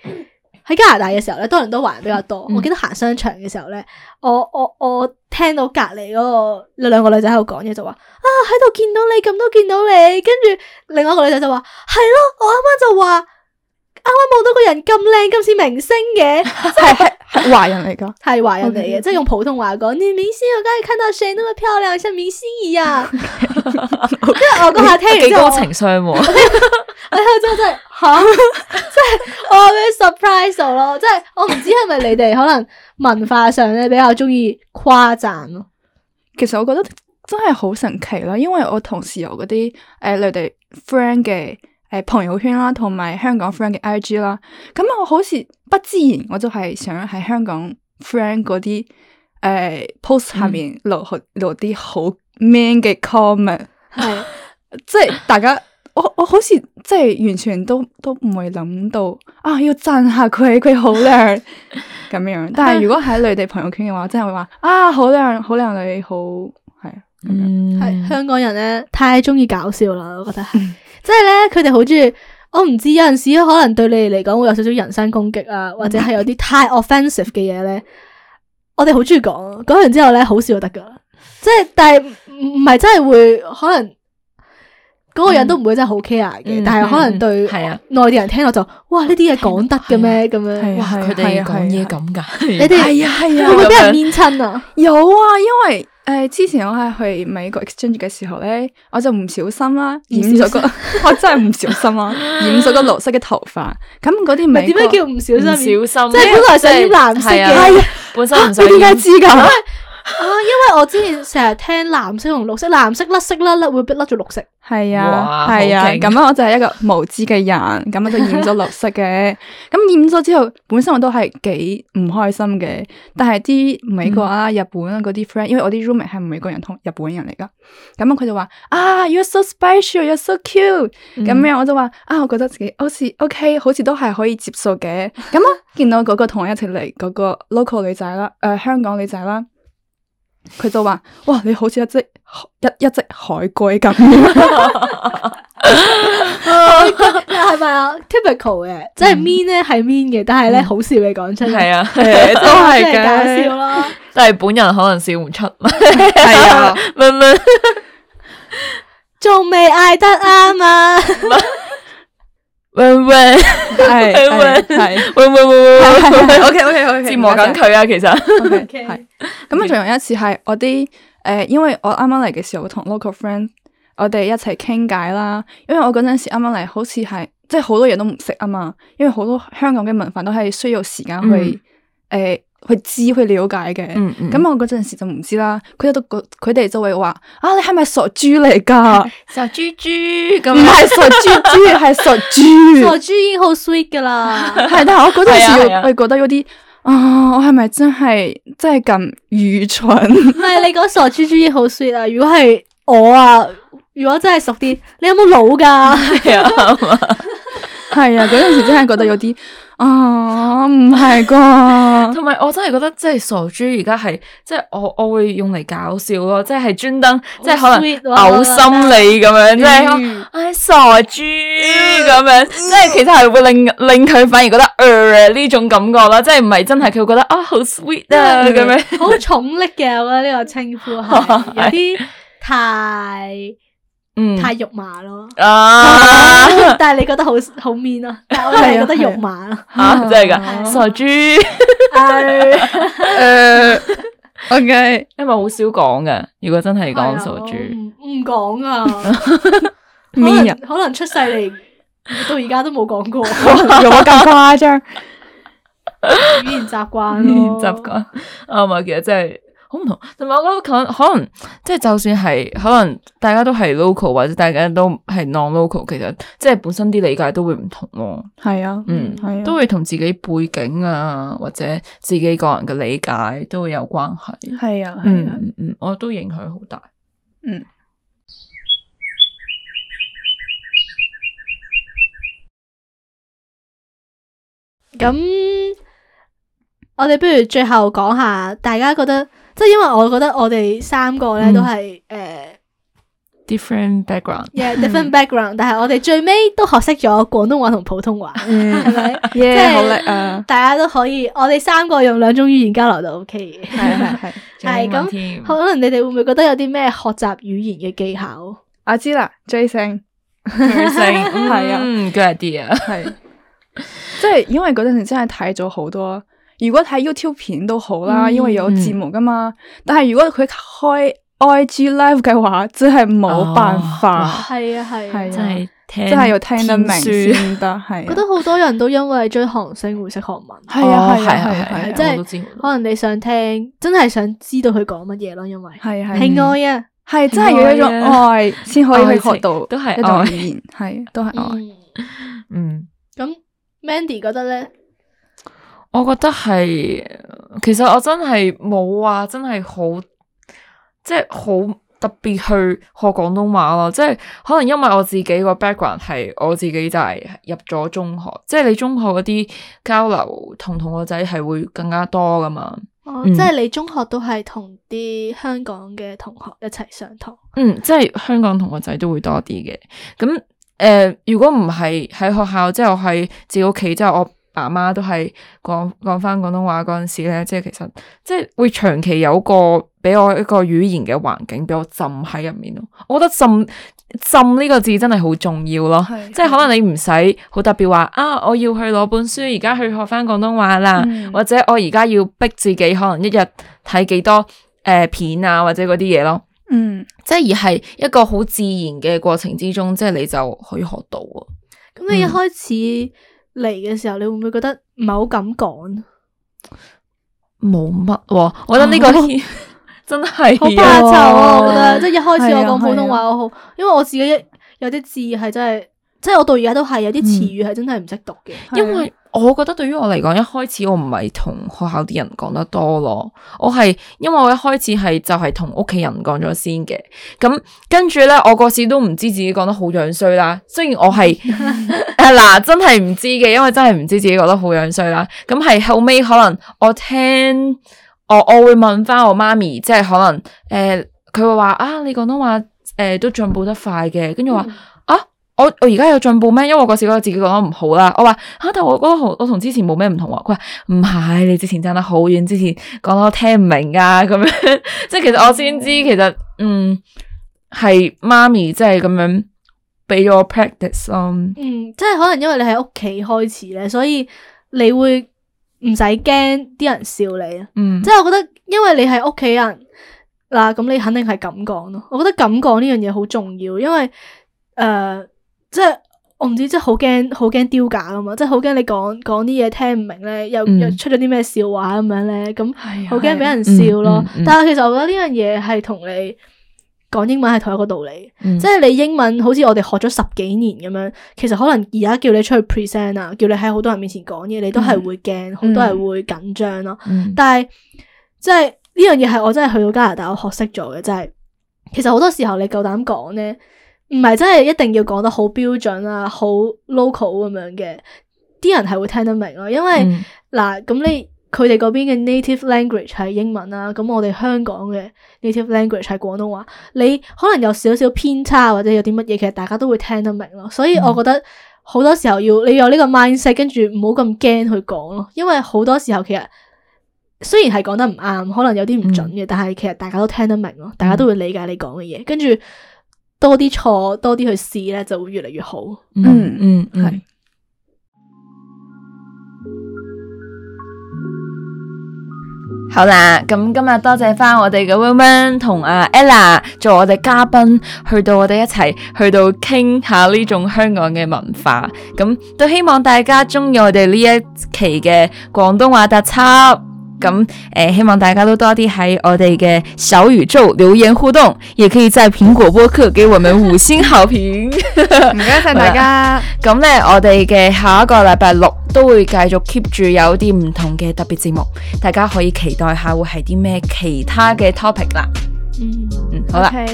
喺加拿大嘅時候咧，華人都還比較多。嗯、我記得行商場嘅時候咧，我我我聽到隔籬嗰個兩兩個女仔喺度講嘢，就話啊喺度見到你，咁都見到你。跟住另外一個女仔就話係咯，我啱啱就話。啱啱望到個人咁靚，咁似明星嘅，係係華人嚟噶，係華人嚟嘅，即係用普通話講， 你面先我今日看到誰那麼漂亮，像明星一樣。因為我嗰下聽完，幾高情商喎。哎呀，真係，吓，即係我好 surprise 咯，即係我唔知係咪你哋可能文化上咧比較中意誇讚咯。其實我覺得真係好神奇啦，因為我同時有嗰啲誒內地 friend 嘅。呃誒，朋友圈啦，同埋香港 friend 嘅 IG 啦，咁我好似不自然，我就係想喺香港 friend 嗰啲誒 post 下邊留留啲好 man 嘅 comment，係是 即係大家我我好似即係完全都都唔會諗到啊，要讚下佢佢好靚咁樣，但係如果喺內地朋友圈嘅話，真係會話啊好靚好靚女好係，係、嗯、是香港人咧太中意搞笑啦，我覺得係。 即係咧，佢哋好中意。我唔知有陣時可能對你嚟講會有少少人身攻擊啊，或者係有啲太 offensive 嘅嘢咧。我哋好中意講，講完之後咧，好笑就得噶啦。即係，但係唔係真係會可能嗰個人都唔會真係好 care 嘅。但係可能對內地人聽落就，哇，呢啲嘢講得嘅咩咁樣？哇，佢哋講嘢咁噶？你哋係啊係啊，會唔會俾人面親啊？有啊，因為。誒、欸，之前我係去美國 exchange 嘅時候咧，我就唔小心啦、啊，嗯、染咗個，嗯、 我真係唔小心啦、啊， 染咗個綠色嘅頭髮。咁嗰啲唔係點解叫唔小心？小心，即係本來想染藍色嘅，係啊， 本身唔想染。你點解知噶？ 啊，因為我之前成日聽藍色同綠色，藍色甩色甩甩會甩咗綠色，係啊，係哇啊，咁我就係一個無知嘅人，咁樣就染咗綠色嘅。咁 染咗之後，本身我都係幾唔開心嘅。但係啲美國啊、嗯、日本啊嗰啲 friend，因為我啲 roommate 係美國人同日本人嚟噶，咁啊佢就話啊、ah,，you're so special，you're so cute。咁、嗯、樣我就話啊，我覺得自己好似 OK，好似都係可以接受嘅。咁 啊見到嗰個同我一齊嚟嗰個 local 女仔啦，誒、呃、香港女仔啦。呃 佢就話：哇，你好似一隻一一隻海龜咁，係咪啊？typical 嘅，即係 mean 咧，係 mean 嘅，但係咧，好笑你講出嚟。係啊，都係嘅，搞笑咯，但係本人可能笑唔出，係啊，溫溫，仲未嗌得啱啊！嗡嗡係係係嗡嗡嗡嗡嗡，OK OK OK，折磨緊佢啊，其實，係咁啊，仲、嗯、有一次係我啲誒、呃，因為我啱啱嚟嘅時候，同 local friend 我哋一齊傾偈啦。因為我嗰陣時啱啱嚟，好似係即係好多嘢都唔識啊嘛。因為好多香港嘅文化都係需要時間去誒。去知去了解嘅，咁我嗰陣時就唔知啦。佢喺度佢哋就會話：啊，你係咪傻豬嚟噶？傻豬豬咁，唔係傻豬豬，係傻豬。傻豬已經好 sweet 噶啦，係，但係我嗰陣時又會覺得有啲，啊，我係咪真係真係咁愚蠢？唔係，你講傻豬豬已經好 sweet 啦，如果係我啊，如果真係熟啲，你有冇腦噶？係啊，係啊，嗰陣時真係覺得有啲。啊，唔係啩？同埋 我真係覺得，即係傻豬而家係，即、就、係、是、我我會用嚟搞笑咯，即係專登，即、就、係、是、可能嘔心你咁樣，即係、啊，就是嗯、哎，傻豬咁、嗯、樣，即係其實係會令令佢反而覺得呃呢種感覺啦，即係唔係真係佢會覺得啊好 sweet 啊咁樣，好、嗯、 重力嘅，我覺得呢個稱呼 有啲太。嗯，太肉麻咯。啊！但係你覺得好好面咯，但我係覺得肉麻咯。啊，真係噶傻豬。誒，OK，因為好少講嘅。如果真係講傻豬，唔講啊。可能可能出世嚟到而家都冇講過，有冇咁誇張？語言習慣咯，語言習慣。啱啊，其實真係。好唔同，同埋我覺得可能即係，就算係可能大家都係 local 或者大家都係 non-local，其實即係本身啲理解都會唔同咯。係啊，嗯，啊、都會同自己背景啊或者自己個人嘅理解都會有關係。係啊，啊嗯嗯，我都影響好大。嗯。咁 我哋不如最後講下，大家覺得。即係因為我覺得我哋三個咧都係誒 different background，yeah different background，但係我哋最尾都學識咗廣東話同普通話，係咪？即係好叻啊！大家都可以，我哋三個用兩種語言交流就 OK 嘅。係係係，係咁可能你哋會唔會覺得有啲咩學習語言嘅技巧？阿姿啦 Jing，Jing 係啊，good idea 係。即係因為嗰陣時真係睇咗好多。如果睇 YouTube 片都好啦，因為有字幕噶嘛。但係如果佢開 IG Live 嘅話，真係冇辦法。係啊係，真係真係要聽得明先得。係。覺得好多人都因為追韓星會識韓文。係啊係係係，即係可能你想聽，真係想知道佢講乜嘢咯，因為係係愛啊，係真係要一種愛先可以去學到，都係愛，係都係愛。嗯。咁 Mandy 覺得咧？我覺得係，其實我真係冇話真係好，即係好特別去學廣東話咯。即係可能因為我自己個 background 係我自己就係入咗中學，即係你中學嗰啲交流同同學仔係會更加多㗎嘛。哦，即係你中學都係同啲香港嘅同學一齊上堂。嗯，即係香港同學仔都會多啲嘅。咁誒、呃，如果唔係喺學校，即係我喺自己屋企，即係我。我爸媽都係講講翻廣東話嗰陣時咧，即係其實即係會長期有個俾我一個語言嘅環境，俾我浸喺入面咯。我覺得浸浸呢個字真係好重要咯，的即係可能你唔使好特別話啊，我要去攞本書而家去學翻廣東話啦，嗯、或者我而家要逼自己可能一日睇幾多誒、呃、片啊或者嗰啲嘢咯。嗯，即係而係一個好自然嘅過程之中，即係你就可以學到。咁你一開始、嗯。嚟嘅時候你會唔會覺得唔係好敢講？冇乜喎，我覺得呢個、嗯、 真係好怕醜啊！我覺得、啊、即係一開始我講普通話、啊、我好，因為我自己有啲字係真係，即係我到而家都係有啲詞語係真係唔識讀嘅，嗯、因為。我覺得對於我嚟講，一開始我唔係同學校啲人講得多咯，我係因為我一開始係就係同屋企人講咗先嘅，咁跟住咧，我嗰時都唔知自己講得好樣衰啦。雖然我係嗱、 啊、真係唔知嘅，因為真係唔知自己講得好樣衰啦。咁係後尾可能我聽我我會問翻我媽咪，即係可能誒，佢、呃、會話啊，你廣東話誒、呃、都進步得快嘅，跟住話。嗯我我而家有進步咩？因為我嗰時覺得自己講得唔好啦、啊。我話嚇、啊，但我覺得我我同之前冇咩唔同喎、啊。佢話唔係，你之前爭得好遠，之前講得我聽唔明啊咁樣。即係其實我先知，其實嗯係媽咪即係咁樣俾咗 practice、啊、嗯，即係可能因為你喺屋企開始咧，所以你會唔使驚啲人笑你啊。嗯，即係我覺得，因為你係屋企人嗱，咁你肯定係咁講咯。我覺得咁講呢樣嘢好重要，因為誒。呃即係我唔知，即係好驚，好驚丟架啊嘛！即係好驚你講講啲嘢聽唔明咧，又、嗯、又出咗啲咩笑話咁樣咧，咁好驚俾人笑咯。嗯嗯、但係其實我覺得呢樣嘢係同你講英文係同一個道理，嗯、即係你英文好似我哋學咗十幾年咁樣，其實可能而家叫你出去 present 啊，叫你喺好多人面前講嘢，你都係會驚，好、嗯、多人會緊張咯。嗯嗯、但係即係呢樣嘢係我真係去到加拿大我學識咗嘅，即係其實好多時候你夠膽講咧。唔係真係一定要講得好標準啊，好 local 咁樣嘅，啲人係會聽得明咯。因為嗱，咁、嗯、你佢哋嗰邊嘅 native language 係英文啦、啊，咁我哋香港嘅 native language 係廣東話，你可能有少少偏差或者有啲乜嘢，其實大家都會聽得明咯。所以我覺得好多時候要你要有呢個 mindset，跟住唔好咁驚去講咯，因為好多時候其實雖然係講得唔啱，可能有啲唔準嘅，嗯、但係其實大家都聽得明咯，大家都會理解你講嘅嘢，嗯、跟住。多啲錯，多啲去試咧，就會越嚟越好。嗯嗯，係好啦。咁今日多謝翻我哋嘅 Mandy 同阿 Ella 做我哋嘉賓，去到我哋一齊去到傾下呢種香港嘅文化。咁都希望大家鍾意我哋呢一期嘅廣東話特輯。咁誒，希望大家都多啲喺我哋嘅小宇宙留言互動，也可以在蘋果播客給我們五星好評。唔該晒大家。咁咧，我哋嘅下一個禮拜六都會繼續 keep 住有啲唔同嘅特別節目，大家可以期待下會係啲咩其他嘅 topic 啦。嗯嗯，嗯好啦，咁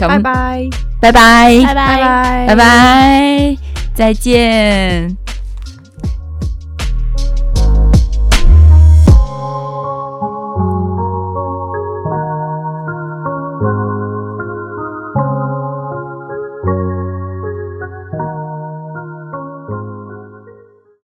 ，okay，拜拜，拜拜，拜拜，拜拜，再見。